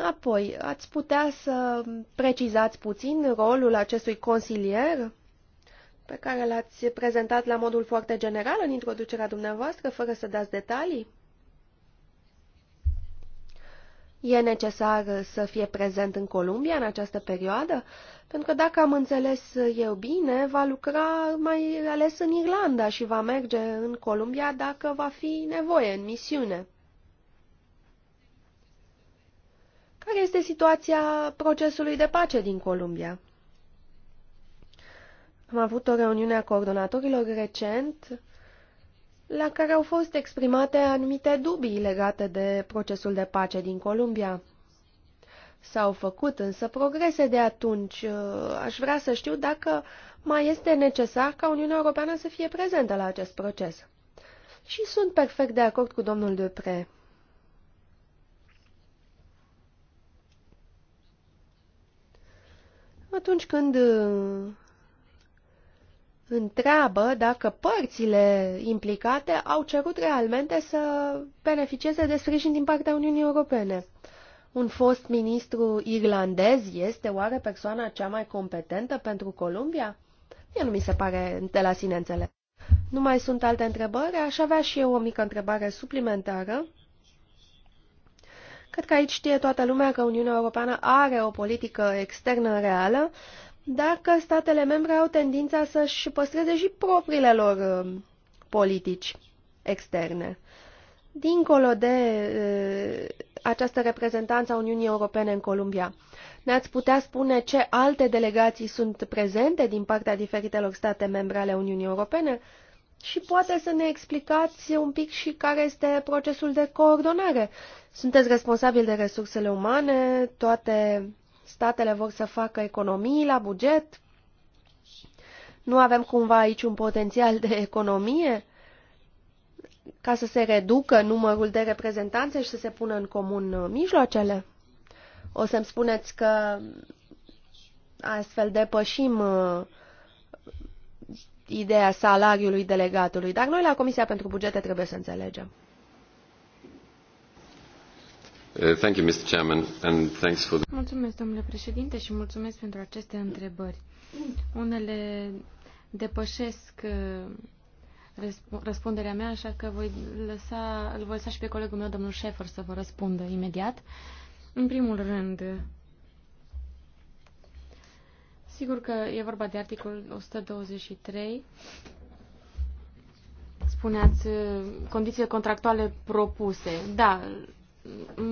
Apoi, ați putea să precizați puțin rolul acestui consilier pe care l-ați prezentat la modul foarte general în introducerea dumneavoastră, fără să dați detalii? E necesar să fie prezent în Columbia în această perioadă? Pentru că dacă am înțeles eu bine, va lucra mai ales în Irlanda și va merge în Columbia dacă va fi nevoie în misiune. Care este situația procesului de pace din Columbia? Am avut o reuniune a coordonatorilor recent la care au fost exprimate anumite dubii legate de procesul de pace din Columbia. S-au făcut însă progrese de atunci. Aș vrea să știu dacă mai este necesar ca Uniunea Europeană să fie prezentă la acest proces. Și sunt perfect de acord cu domnul Dupre. Atunci când întreabă dacă părțile implicate au cerut realmente să beneficieze de sprijin din partea Uniunii Europene. Un fost ministru irlandez este oare persoana cea mai competentă pentru Columbia? Mie nu mi se pare de la sine înțeles. Nu mai sunt alte întrebări, aș avea și eu o mică întrebare suplimentară. Cred că aici știe toată lumea că Uniunea Europeană are o politică externă reală dacă statele membre au tendința să-și păstreze și propriile lor uh, politici externe. Dincolo de uh, această reprezentanță a Uniunii Europene în Columbia, ne-ați putea spune ce alte delegații sunt prezente din partea diferitelor state membre ale Uniunii Europene? Și poate să ne explicați un pic și care este procesul de coordonare. Sunteți responsabil de resursele umane, toate statele vor să facă economii la buget? Nu avem cumva aici un potențial de economie ca să se reducă numărul de reprezentanțe și să se pună în comun uh, mijloacele? O să-mi spuneți că astfel depășim uh, ideea salariului delegatului, dar noi la Comisia pentru Bugete trebuie să înțelegem. Uh, mulțumesc, domnule președinte, și mulțumesc pentru aceste întrebări. Unele depășesc uh, răspunderea mea, așa că voi lăsa, îl voi lăsa și pe colegul meu, domnul Șefer, să vă răspundă imediat. În primul rând, sigur că e vorba de articolul 123. Spuneați uh, condițiile contractuale propuse. Da,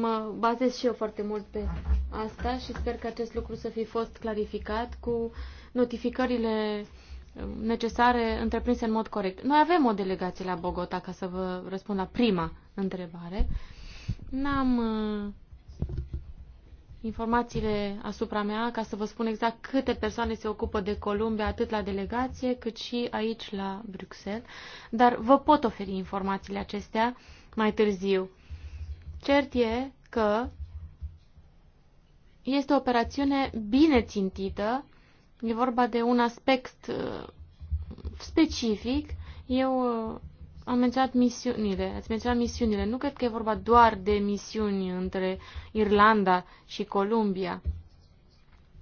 mă bazez și eu foarte mult pe asta și sper că acest lucru să fi fost clarificat cu notificările um, necesare întreprinse în mod corect. Noi avem o delegație la Bogota, ca să vă răspund la prima întrebare. N-am uh, informațiile asupra mea ca să vă spun exact câte persoane se ocupă de Columbia, atât la delegație, cât și aici la Bruxelles, dar vă pot oferi informațiile acestea mai târziu. Cert e că este o operațiune bine țintită, e vorba de un aspect uh, specific. Eu uh, am menționat misiunile, ați menționat misiunile. Nu cred că e vorba doar de misiuni între Irlanda și Columbia.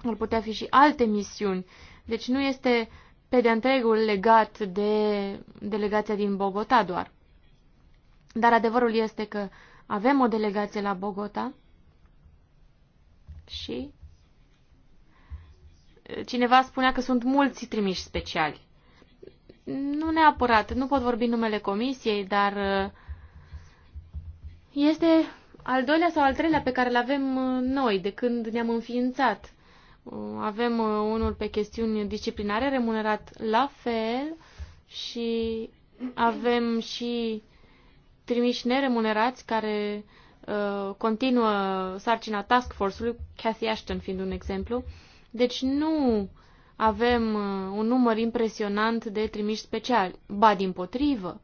Ar putea fi și alte misiuni. Deci nu este pe de întregul legat de delegația din Bogota doar. Dar adevărul este că avem o delegație la Bogota și cineva spunea că sunt mulți trimiși speciali. Nu neapărat, nu pot vorbi numele comisiei, dar uh, este al doilea sau al treilea pe care îl avem uh, noi de când ne-am înființat. Uh, avem unul pe chestiuni disciplinare remunerat la fel și avem și trimiși neremunerați care uh, continuă sarcina task force-ului, Cathy Ashton fiind un exemplu. Deci nu avem uh, un număr impresionant de trimiși speciali, ba din potrivă.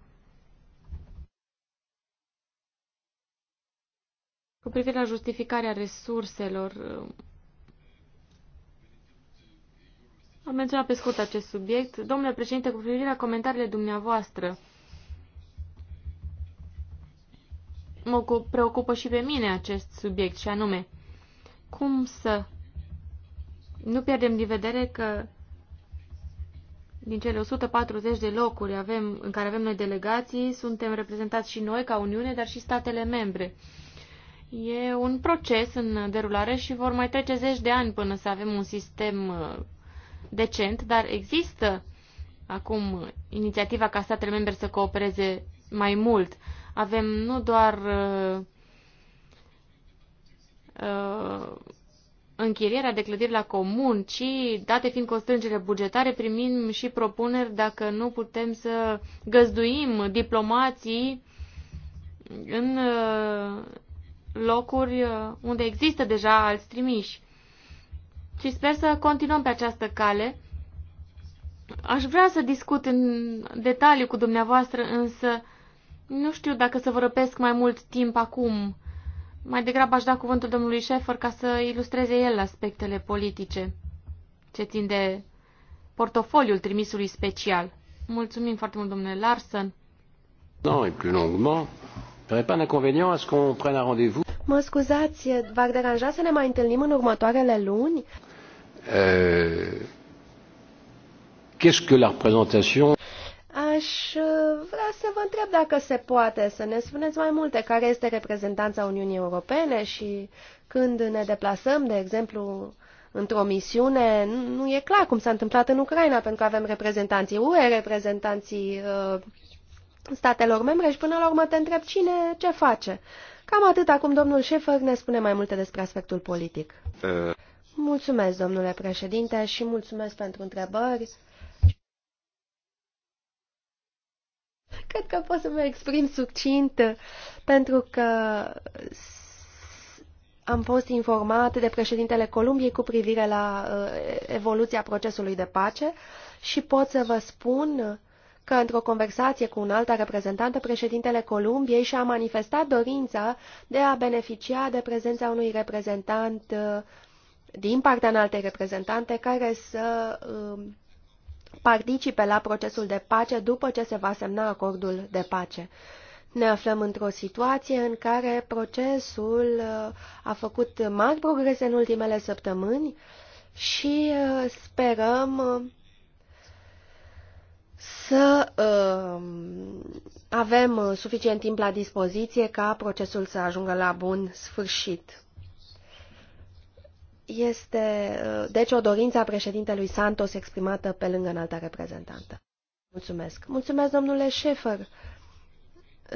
Cu privire la justificarea resurselor, uh, am menționat pe scurt acest subiect. Domnule președinte, cu privire la comentariile dumneavoastră, mă preocupă și pe mine acest subiect, și anume, cum să nu pierdem din vedere că din cele 140 de locuri avem, în care avem noi delegații, suntem reprezentați și noi ca Uniune, dar și statele membre. E un proces în derulare și vor mai trece zeci de ani până să avem un sistem uh, decent, dar există acum inițiativa ca statele membre să coopereze mai mult. Avem nu doar uh, uh, închirierea de clădiri la comun, ci, date fiind constrângere bugetare, primim și propuneri dacă nu putem să găzduim diplomații în uh, locuri uh, unde există deja alți trimiși. Și sper să continuăm pe această cale. Aș vrea să discut în detaliu cu dumneavoastră, însă nu știu dacă să vă răpesc mai mult timp acum. Mai degrabă aș da cuvântul domnului Șefer ca să ilustreze el aspectele politice ce țin de portofoliul trimisului special. Mulțumim foarte mult, domnule Larsen. Non, et plus longuement. J'aurais pas d'inconvénient à ce qu'on prenne un rendez-vous. Mă scuzați, v deranja să ne mai întâlnim în următoarele luni? Euh, Qu'est-ce que la représentation Aș uh, vrea să vă întreb dacă se poate să ne spuneți mai multe care este reprezentanța Uniunii Europene și când ne deplasăm, de exemplu, într-o misiune, nu e clar cum s-a întâmplat în Ucraina, pentru că avem reprezentanții UE, reprezentanții uh, statelor membre și până la urmă te întreb cine ce face. Cam atât acum domnul Șefer ne spune mai multe despre aspectul politic. Uh. Mulțumesc, domnule președinte, și mulțumesc pentru întrebări. Cred că pot să mă exprim succint pentru că am fost informat de președintele Columbiei cu privire la uh, evoluția procesului de pace și pot să vă spun că într-o conversație cu un altă reprezentantă, președintele Columbiei și-a manifestat dorința de a beneficia de prezența unui reprezentant uh, din partea în alte reprezentante care să uh, participe la procesul de pace după ce se va semna acordul de pace. Ne aflăm într-o situație în care procesul uh, a făcut mari progrese în ultimele săptămâni și uh, sperăm uh, să avem suficient timp la dispoziție ca procesul să ajungă la bun sfârșit. Este, uh, deci, o dorință a președintelui Santos exprimată pe lângă înalta reprezentantă. Mulțumesc. Mulțumesc, domnule Șefer.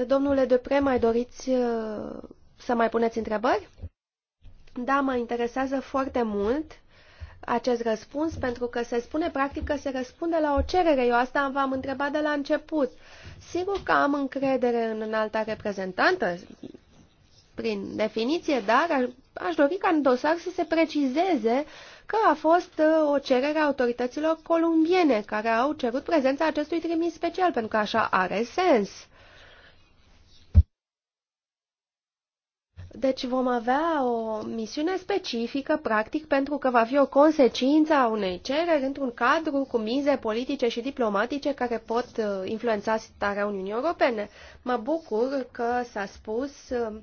Domnule Depre, mai doriți uh, să mai puneți întrebări? Da, mă interesează foarte mult acest răspuns, pentru că se spune practic că se răspunde la o cerere. Eu asta v-am întrebat de la început. Sigur că am încredere în înalta reprezentantă, prin definiție, dar aș dori ca în dosar să se precizeze că a fost uh, o cerere a autorităților columbiene care au cerut prezența acestui trimis special, pentru că așa are sens. Deci vom avea o misiune specifică, practic, pentru că va fi o consecință a unei cereri într-un cadru cu mize politice și diplomatice care pot uh, influența starea Uniunii Europene. Mă bucur că s-a spus uh,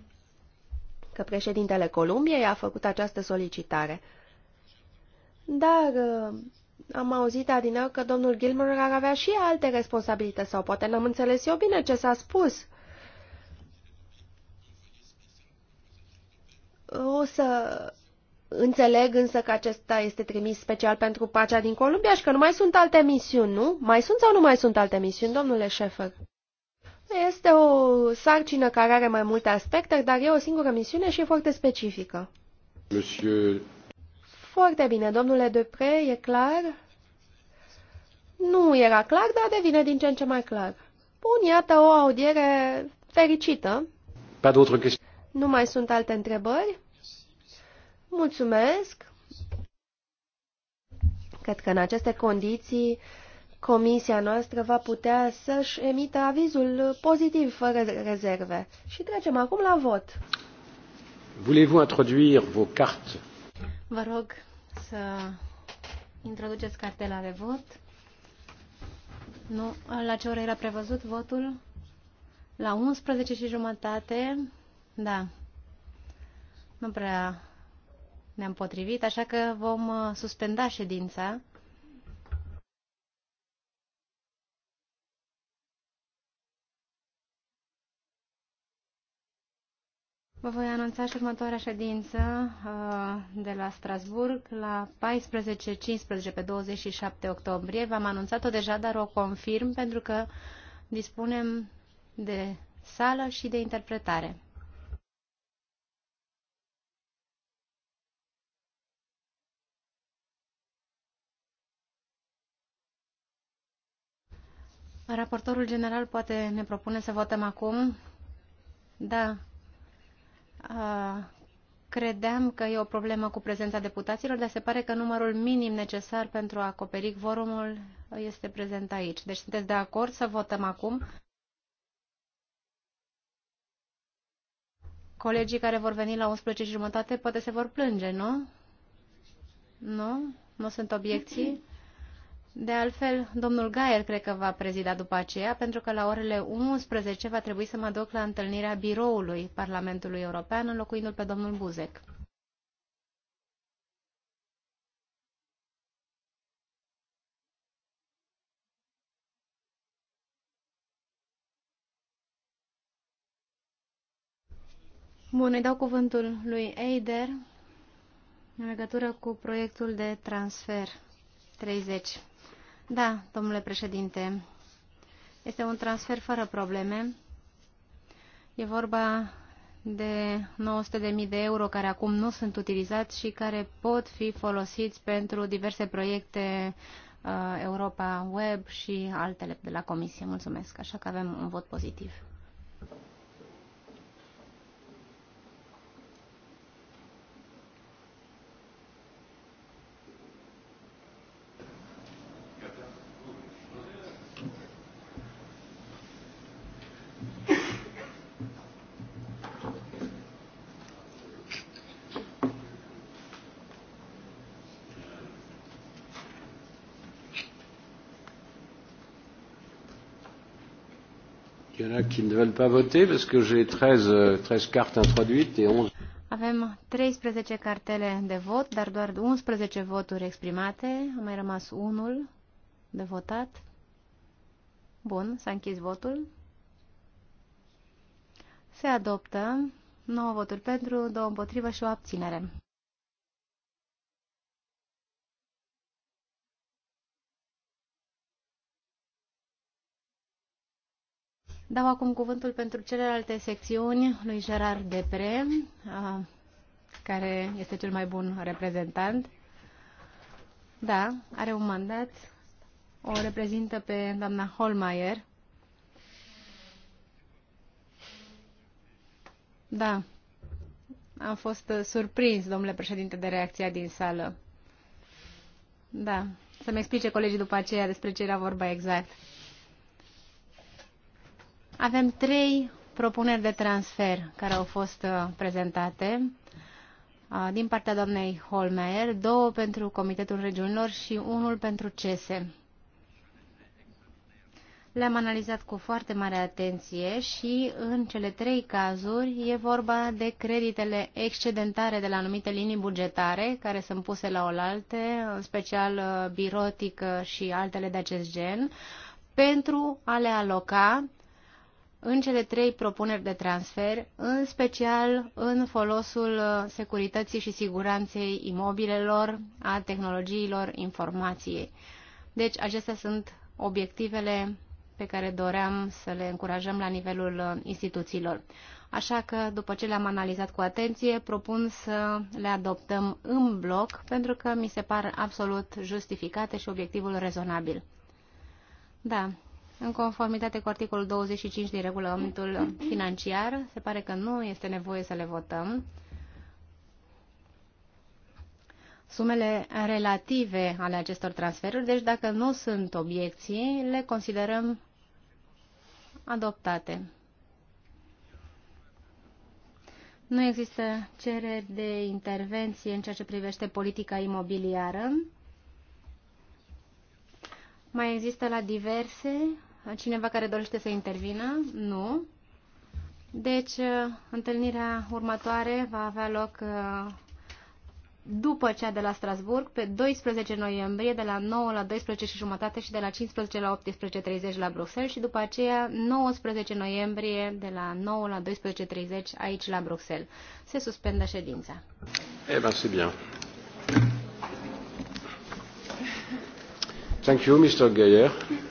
că președintele Columbiei a făcut această solicitare. Dar uh, am auzit adineu că domnul Gilmore ar avea și alte responsabilități sau poate n-am înțeles eu bine ce s-a spus. O să înțeleg însă că acesta este trimis special pentru pacea din Columbia și că nu mai sunt alte misiuni, nu? Mai sunt sau nu mai sunt alte misiuni, domnule Șefer? Este o sarcină care are mai multe aspecte, dar e o singură misiune și e foarte specifică. Monsieur... Foarte bine, domnule Depre, e clar? Nu era clar, dar devine din ce în ce mai clar. Bun, iată o audiere fericită. Nu mai sunt alte întrebări? Mulțumesc. Cred că în aceste condiții comisia noastră va putea să-și emită avizul pozitiv, fără rezerve. Și trecem acum la vot. Voulez-vous introduire vos cartes? Vă rog să introduceți cartela de vot. Nu, la ce oră era prevăzut votul? La 11 și jumătate. Da. Nu prea ne-am potrivit, așa că vom uh, suspenda ședința Vă voi anunța și următoarea ședință uh, de la Strasburg la 14-15 pe 27 octombrie. V-am anunțat-o deja, dar o confirm pentru că dispunem de sală și de interpretare. Raportorul general poate ne propune să votăm acum. Da, Credeam că e o problemă cu prezența deputaților, dar se pare că numărul minim necesar pentru a acoperi vorumul este prezent aici. Deci sunteți de acord să votăm acum? Colegii care vor veni la 11 jumătate poate se vor plânge, nu? Nu? Nu sunt obiecții? De altfel, domnul Gaier cred că va prezida după aceea, pentru că la orele 11 va trebui să mă duc la întâlnirea biroului Parlamentului European, înlocuindu-l pe domnul Buzek. Bun, îi dau cuvântul lui Eider în legătură cu proiectul de transfer 30. Da, domnule președinte, este un transfer fără probleme. E vorba de 900.000 de euro care acum nu sunt utilizați și care pot fi folosiți pentru diverse proiecte uh, Europa Web și altele de la Comisie. Mulțumesc, așa că avem un vot pozitiv. Il y en a qui ne veulent pas voter parce que j'ai 13, 13 cartes introduites et 11. Avem 13 cartele de vot, dar doar 11 voturi exprimate. A mai rămas unul de votat. Bun, s-a închis votul. Se adoptă 9 voturi pentru, 2 împotrivă și o abținere. Dau acum cuvântul pentru celelalte secțiuni lui Gerard Depre, care este cel mai bun reprezentant. Da, are un mandat. O reprezintă pe doamna Holmeier. Da, am fost surprins, domnule președinte, de reacția din sală. Da, să-mi explice colegii după aceea despre ce era vorba exact. Avem trei propuneri de transfer care au fost uh, prezentate uh, din partea doamnei Holmeier, două pentru Comitetul Regiunilor și unul pentru CESE. Le-am analizat cu foarte mare atenție și în cele trei cazuri e vorba de creditele excedentare de la anumite linii bugetare care sunt puse la oaltă, în special uh, birotică și altele de acest gen, pentru a le aloca în cele trei propuneri de transfer, în special în folosul uh, securității și siguranței imobilelor, a tehnologiilor informației. Deci acestea sunt obiectivele pe care doream să le încurajăm la nivelul uh, instituțiilor. Așa că, după ce le-am analizat cu atenție, propun să le adoptăm în bloc, pentru că mi se par absolut justificate și obiectivul rezonabil. Da, în conformitate cu articolul 25 din regulamentul financiar, se pare că nu este nevoie să le votăm. Sumele relative ale acestor transferuri, deci dacă nu sunt obiecții, le considerăm adoptate. Nu există cereri de intervenție în ceea ce privește politica imobiliară. Mai există la diverse Cineva care dorește să intervină? Nu. Deci, uh, întâlnirea următoare va avea loc uh, după cea de la Strasburg, pe 12 noiembrie, de la 9 la 12 și jumătate și de la 15 la 18.30 la Bruxelles și după aceea 19 noiembrie, de la 9 la 12.30 aici la Bruxelles. Se suspendă ședința. Eh ben, c'est bien. Thank you, Mr. Geyer.